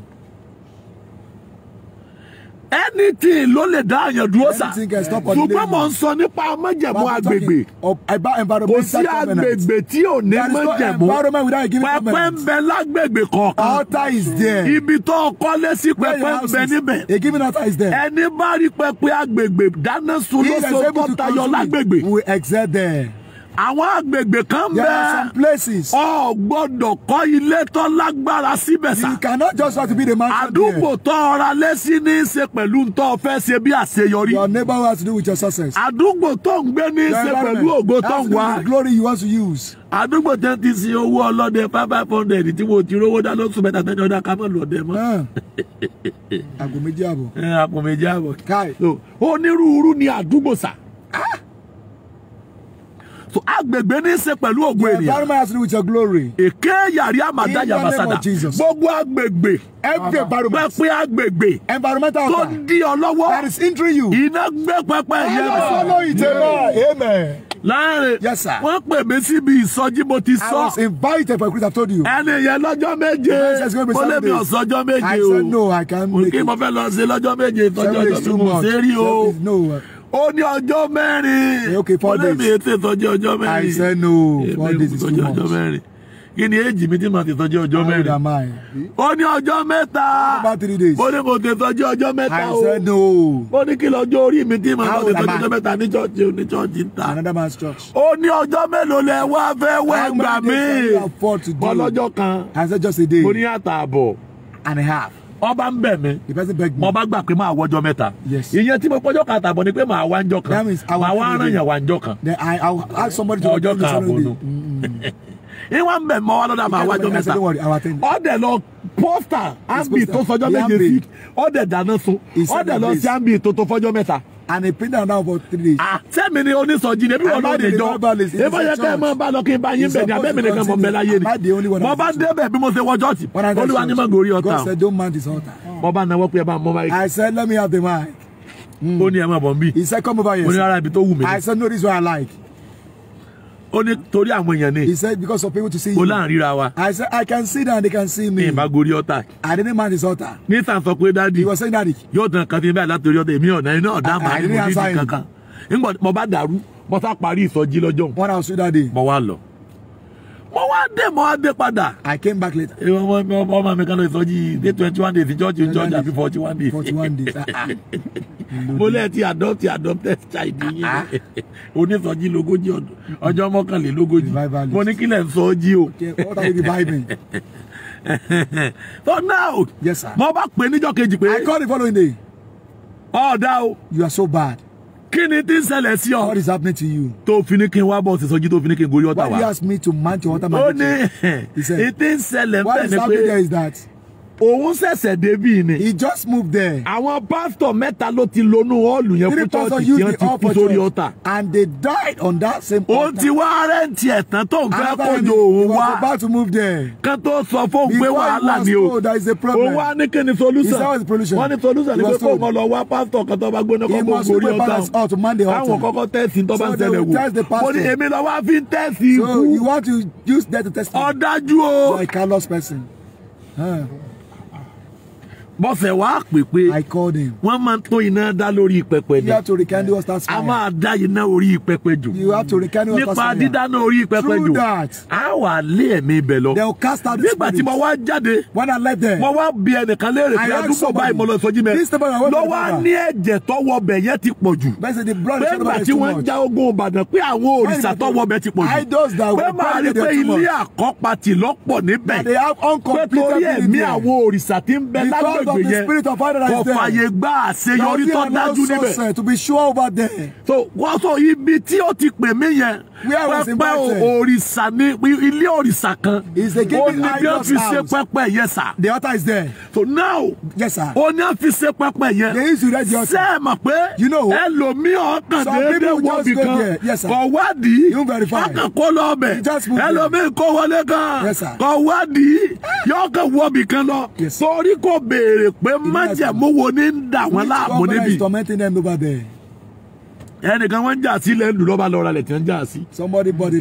anything ló lè dá àyàn dúró sá ṣùgbọ́n mò ń sọ nípa májẹ̀mú agbègbè kò sí agbègbè tí ò ní májẹ̀mú pẹpẹ ń bẹ lágbègbè kọ̀ọ̀kan ibi tó kọ́lé sí pẹpẹ ń bẹ níbẹ̀ ẹni bá rí pẹpẹ agbègbè dáná sun lóṣooṣù tayọ lágbègbè àwọn agbègbè kan bẹ́ẹ̀. there are some places. o gbọ́dọ̀ kọ́ ilé tó lágbára síbẹ̀ sá. you cannot just want to be the man. àdúgbò tó ọra lẹ́sí ní í ṣe pẹ̀lú ntọ́ fẹ́ ṣe bí àṣeyọrí. your neighbor has to do with your success. àdúgbò tó ń gbé ní í ṣe pẹ̀lú ògo tó ń wá. the glory you want to use. àdúgbò tó ti sin owó ọlọ́dẹ five hundred tí mo ti rówó dá lóṣù mẹ́ta tẹ́jọ́ dá ká mọ̀ lọ́dẹ mọ́. àpò ah. méjì àbọ̀. àpò eh, méjì àbọ̀. káì. onírúurú ni àdúgbò sá. Ah so agbègbè ní í ṣe pẹ̀lú ògo ènìyàn. your environment has to do with your glory. èké yàrá àmàdá yàmásádà gbogbo agbègbè. every environment. pẹpẹ agbègbè. environmental altar. tó di ọ lọ́wọ́. that is injuring you. iná gbé pẹpẹ yẹn lọ. I follow it amen. amen láàrin wọ́n pè mí síbi ìsọjí mo ti sọ. I was invited for a Christ I told you. ẹni yẹn lọ́jọ́ méje mo lè mi ọ̀sọ́jọ́ méje o. I said no I can't make it. kí mo fẹ́ lọ sí lọ́jọ́ méje ìtọ́jú ọjọ́ mi mo ṣe o ó ní ọjọ́ mẹ́rin okay four days mo lè mi ètò ìtọ́jú ọjọ́ mẹ́rin I said no four days is too much kí ni èjì mi ti máa ti tọ́jú ọjọ́ mẹ́rin ó ní ọjọ́ mẹ́ta mo ní kò ti tọ́jú ọjọ́ mẹ́ta o ó ní kí lọ́jọ́ orí mi ti máa ti tọ́jú ọjọ́ mẹ́ta ní chọ́ọ̀chì ní chọ́ọ̀chì ta ó ní ọjọ́ mélòó lẹ wá fẹ́ wẹ́ gbà mí ọlọ́jọ́ kan mo ní àtààbọ̀ and a half ọba ń bẹ̀ mí mo bá gbà pé máa wọjọ́ mẹ́ta ìyẹn tí mo pọ́jọ́ kan àtàbọ̀ ni pé máa wá njọ́ kan máa wá rányàn wá njọ́ kan ọjọ́ kan àbọ̀nù mm. ìwà ń bẹ̀ mọ́ wá lọ́dà máa wájọ́ mẹ́ta ọ̀dẹ̀ lọ pọ́stà ámbì tó fọjọ́ méje sí ọ̀dẹ̀ dáná sun ọ̀dẹ̀ lọ sí ámbì tó tó fọjọ́ mẹ́ta and he pin am down for three days. Ah, sẹ́mi ni onísọjí ni ebi wọn náà lè jọ ebi yẹ kẹ́ ẹ máa bá lọ kí n bá yín bẹ̀ ni abẹ́ mi nìkan mọ̀ mẹ́ láyé ni mo bá débẹ̀ bí mo ṣe wọ jọ́ọ̀tì olúwa ni mo gòrí ọ̀tá mo bá náwó pé ẹ bá mọ́ báyìí. I said let me have the mic. ó ní ẹ máa he said come over here. mo ní ara ibi tó I said no this one I like ó ní torí àwọn èèyàn ni. he said because of people to see you. o láà wa. I said I can see them and they can see me. ìbá gorí ọ̀tá. I didn't mind his altar. Nathan sọ pé dádì. he was saying dádì. yóò tàn kàn sí bẹ́ẹ̀ látòrí ọ̀tá èmi ọ̀nà iná ọ̀dà màá ní mo ní ìdí kankan. nígbà mo bá dàrú mo sá parí ìsọjí lọ́jọ́. one house with dádì. mo wá lọ mo wá dé mo wá dé padà. I came back later. ọmọ mi ọmọ ọmọ mi kan lọ ìsọjí day twenty one days ìjọ́jú ìjọ́jú àbí forty one days. forty one days. Ah, ah. mo lẹ́ẹ̀ ti adopt adopted child yín ah, onísọjí lógójì ọjọ́ mọ́kànlélógójì mo ní kílẹ̀ nsọjí o. what are you reviving? so now. yes sir. mo bá pè níjọ́ kejì pé. I call the following day. ọ̀ọ́dà o. you are so bad kí ni tí ń ṣẹlẹ̀ sí ọ. what is happening to you. tó fi ní kí n wá bọ̀ ṣèṣọ́jú tó fi ní kí n gorí ọ̀tá wa. why you ask me to match your water mountain. ó ní ìtí ń ṣẹlẹ̀ bẹ́ẹ̀ ni pé. what is happening there is that òun ṣẹ̀ṣẹ̀ débì ni. he just moved there. àwọn pásítọ̀ mẹ́ta ló ti lonú ọ́ọ̀lù yẹn fún tọ́ọ̀tì tí wọ́n ti kú sórí ọ̀tà. and they died on that same altar. ó ti wá rẹ́ǹtì ẹ̀tàn tó ń fẹ́ kojú òun wá. he was about to move there. kán tó sọ fóun pé wàhálà ni o. òun wá ní kí ni solution. he said what's the solution. wọ́n ní solution ni pé kó mọ lọ wá pásítọ̀ kan tó bá gbóná kó mọ gorí ọ̀tà. táwọn kọ́kọ́ tẹ̀sí tó bá ń tẹ̀lé wò. mo ní èmi lọ wá fi tẹ̀sí ikú. so you want to use that to test me. ọ̀dájú o. for a careless person. Huh bọ́sẹ̀ wá pè pé wọ́n máa ń tó iná dá lórí pẹpẹ ni a máa dá iná orí pẹpẹ jù nípa dídáná orí pẹpẹ jù a wà lé ẹ̀mí ibẹ̀ lọ nígbà tí mo wá jáde mo wá bi ẹnìkan léèrè pé àdúgbò báyìí mo lọ sọjí mẹ lọ́wọ́ ní ẹ̀jẹ̀ tọwọ́ bẹ̀ yẹn ti pọ̀ jù pé nígbà tí wọ́n já ogun Ìbàdàn pé àwọn òrìṣà tọwọ́ bẹ̀ ti pọ̀ jù pé máa rí pé ilé àkọ́pàtì lọ́pọ̀ níbẹ̀ pé torí ẹ̀mí àwọn òrìṣà ti ń bẹ lágbègbè agbègbè yẹn kò fàyè gbà àṣeyọrí tó dájú níbẹ̀. so wọ́n sọ ibi tí ó ti pè mí yẹn pẹpẹ òrìṣà ní ilé òrìṣà kan ó ní bí ó fi ṣe pẹpẹ yẹn sà. the altar is there. so now ó ní fi ṣe pẹpẹ yẹn. they use mọ̀ pé ẹlòmíràn kan déédéé wọ́n bì kan kò wádìí ọkàn kó lọ bẹ̀ ẹlòmíràn kó wọlé kan kò wádìí yọ̀ọ̀kan wọ́n bì kan lọ torí kò béèrè béèrè pé májẹ̀mú wo ni ń dà wọ́n láàmú níbí. ẹnìkan wọ́n jà sí ilẹ̀ ń lùlọ́ba lọ́ra lẹ̀ tí wọ́n jà sí.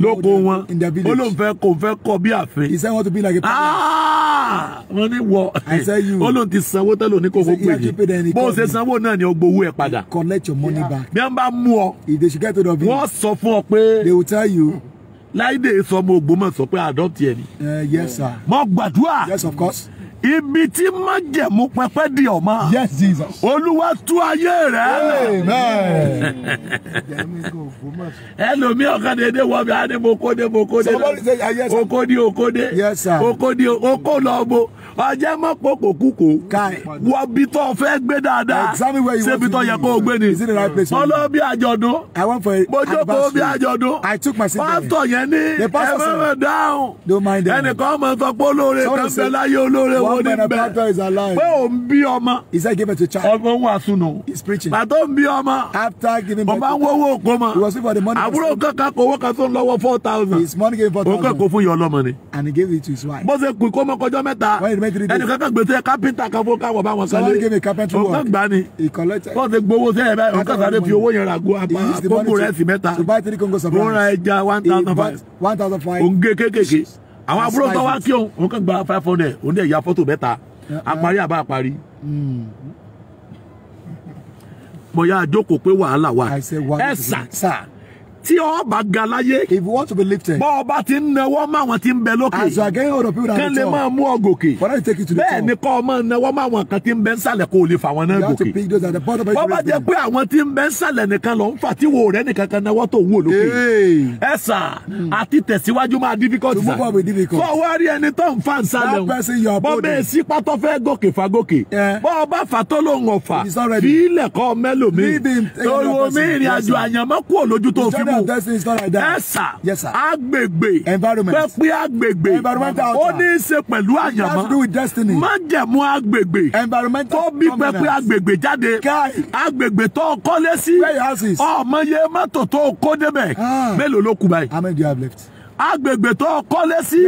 lóko wọn ó lóun fẹ́ kó fẹ́ kọ bí àfin. Ah! wọ́n ní wọ ó lóun ti sanwó tẹ́lẹ̀ òní kò fún pèjì bó ṣe sanwó náà ni ó gbowó ẹ̀ padà. bí wọ́n bá mú ọ wọ́n sọ fún ọ pé láìdè sọmọ Ògbómọ̀ṣọ́ pé adopt ẹ ni. Uh, yes sir. mo gbàdúrà. yes of course ibi tí májẹ̀mú pẹpẹ di ọ̀ma. yes jesus. olúwa tú ayé rẹ. ẹlòmí ọ̀kan dédé wọ mi àdé mo kó dé mo kó dé náà okó mọ́ pòpò kúkú wọ bí tó fẹ́ gbé dáadáa ṣébi tó yẹ kó gbé ni ọlọ́bí àjọ̀dún mojókòó bí àjọ̀dún pásítọ̀ yẹn ní ẹ̀fẹ́ mọ̀ dáhùn ẹnìkan mọ̀ sọ pé olóore kan fẹ́ láyé olóore w wọ́n ní bẹ́ẹ̀ pé ò he said give it to child. He's preaching. bàtà ń bí ọmọ. after giving birth. ọba ń he was looking for the money. his money gave four thousand. and he gave it to his wife. when he made three days. ẹnì kankan gbèsè somebody gave me carpentry work. he collected. bó ṣe gbowó sẹ́yìn to buy three Congo supplies. ó ń ra ẹja àwọn àbúrò tó wá kí òun òun kàn gba five hundred òun dẹ̀ ya fọ́tò mẹ́ta àparí àbá àparí mo hmm. yà á jókòó pé wàhálà wà ẹ sà sà tí ọ ga láyé. if you want to be lifted. bọ́ ọba ti ń nawọ́ mọ́ àwọn tí ń bẹ lókè. as you are getting older people that are tall. kán lè máa mú ọ gòkè. for that to take you to the top. bẹ́ẹ̀ ni kọ́ ọ máa nawọ́ mọ́ àwọn kan tí ń bẹ nsàlẹ̀ kó o lè fà wọn náà gòkè. you have to pick those at the bottom of your brain. bọ́ba jẹ́ pé àwọn tí ń bẹ nsàlẹ̀ nìkan lọ ń fà tí wo rẹ̀ nìkan kan nawọ́ tó wò lókè. ẹ sà àti tẹ̀síwájú máa difficult sà. to move on be difficult. fọwọ́ rí ẹni tó ń fa nsàlẹ̀ of testing is not like that. Yes, sir. Yes, sir. Agbègbè. Environment. Pẹ́pẹ́ agbègbè. Environmental altar. Ó ní í ṣe pẹ̀lú àyànmọ́. to do with destiny. Májẹ̀mú agbègbè. Environmental dominance. Tó bí pẹ́pẹ́ agbègbè jáde. Káì. Agbègbè tó kọ́lé sí. Where your house is. Oh, Ọmọ yẹn mọ́tò tó kó débẹ̀. Ah. Mélòó ló kù báyìí? How many do you have left? agbègbè tó kọ́lé sí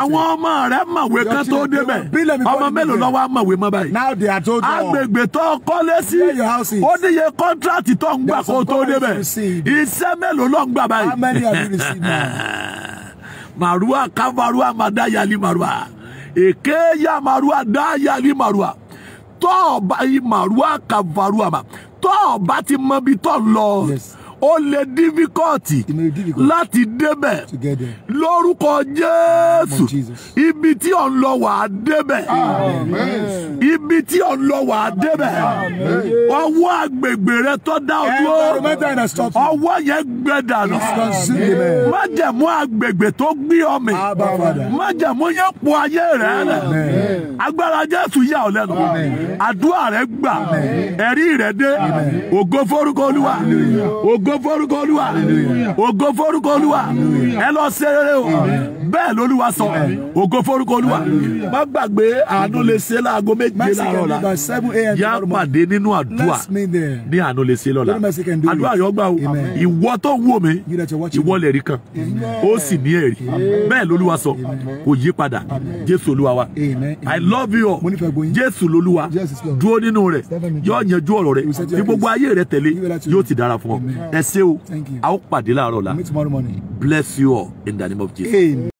àwọn ọmọ rẹ mọ̀wé kan tó débẹ̀ ọmọ mélòó lọ́wọ́ mọ̀wé mọ́ báyìí agbègbè tó kọ́lé sí ó níye kọ́ńtrátì tó ń gbà kó tó débẹ̀ iṣẹ́ mélòó ló ń gbà báyìí marua kavarua madayali marua èkéyà marua dáyali marua tọ́ọ̀bá yìí marua kavarua ma tọ́ọ̀bá ti mọ ibi tọ́ lọ. Yes ó lè dífíkọ́ọ̀tì láti débẹ̀ lórúkọ jésù ibi tí ò ń lọ wà á débẹ̀ ibi tí ò ń lọ wà á débẹ̀ ọwọ́ agbègbè rẹ tó dá ọ dúró ọwọ́ yẹn gbẹ dànù májẹ̀mú agbègbè tó gbé ọmọ májẹ̀mú yẹn po ayé rẹ rẹ agbára jésù yà ọ́ lẹ́nu àdúrà rẹ gbà ẹ̀rí rẹ dé ògo forúkọ olúwa ògo ògo forúkọ olúwa ògo forúkọ olúwa ẹ lọ ṣe rere o bẹ́ẹ̀ lolúwa sọ ògo forúkọ olúwa má gbàgbé àánú lè ṣe láago méje láàárọ̀ la yá pàdé nínú àdúrà ní àánú lè ṣe lọ́la àdúrà yóò gbà o ìwọ tó wò mí ìwọ lè rí kan ó sì ní ẹ̀rí bẹ́ẹ̀ lolúwa sọ kò yí padà jésù olúwa wa i love you jésù lolúwa dúró nínú rẹ̀ yóò yanjú ọ̀rọ̀ rẹ̀ fi gbogbo ayé rẹ̀ tẹ̀lé yóò ti dára fún ọ ẹ ṣé o a ó pàdé láàárọ̀ la bless you all in the name of Jesus. Amen.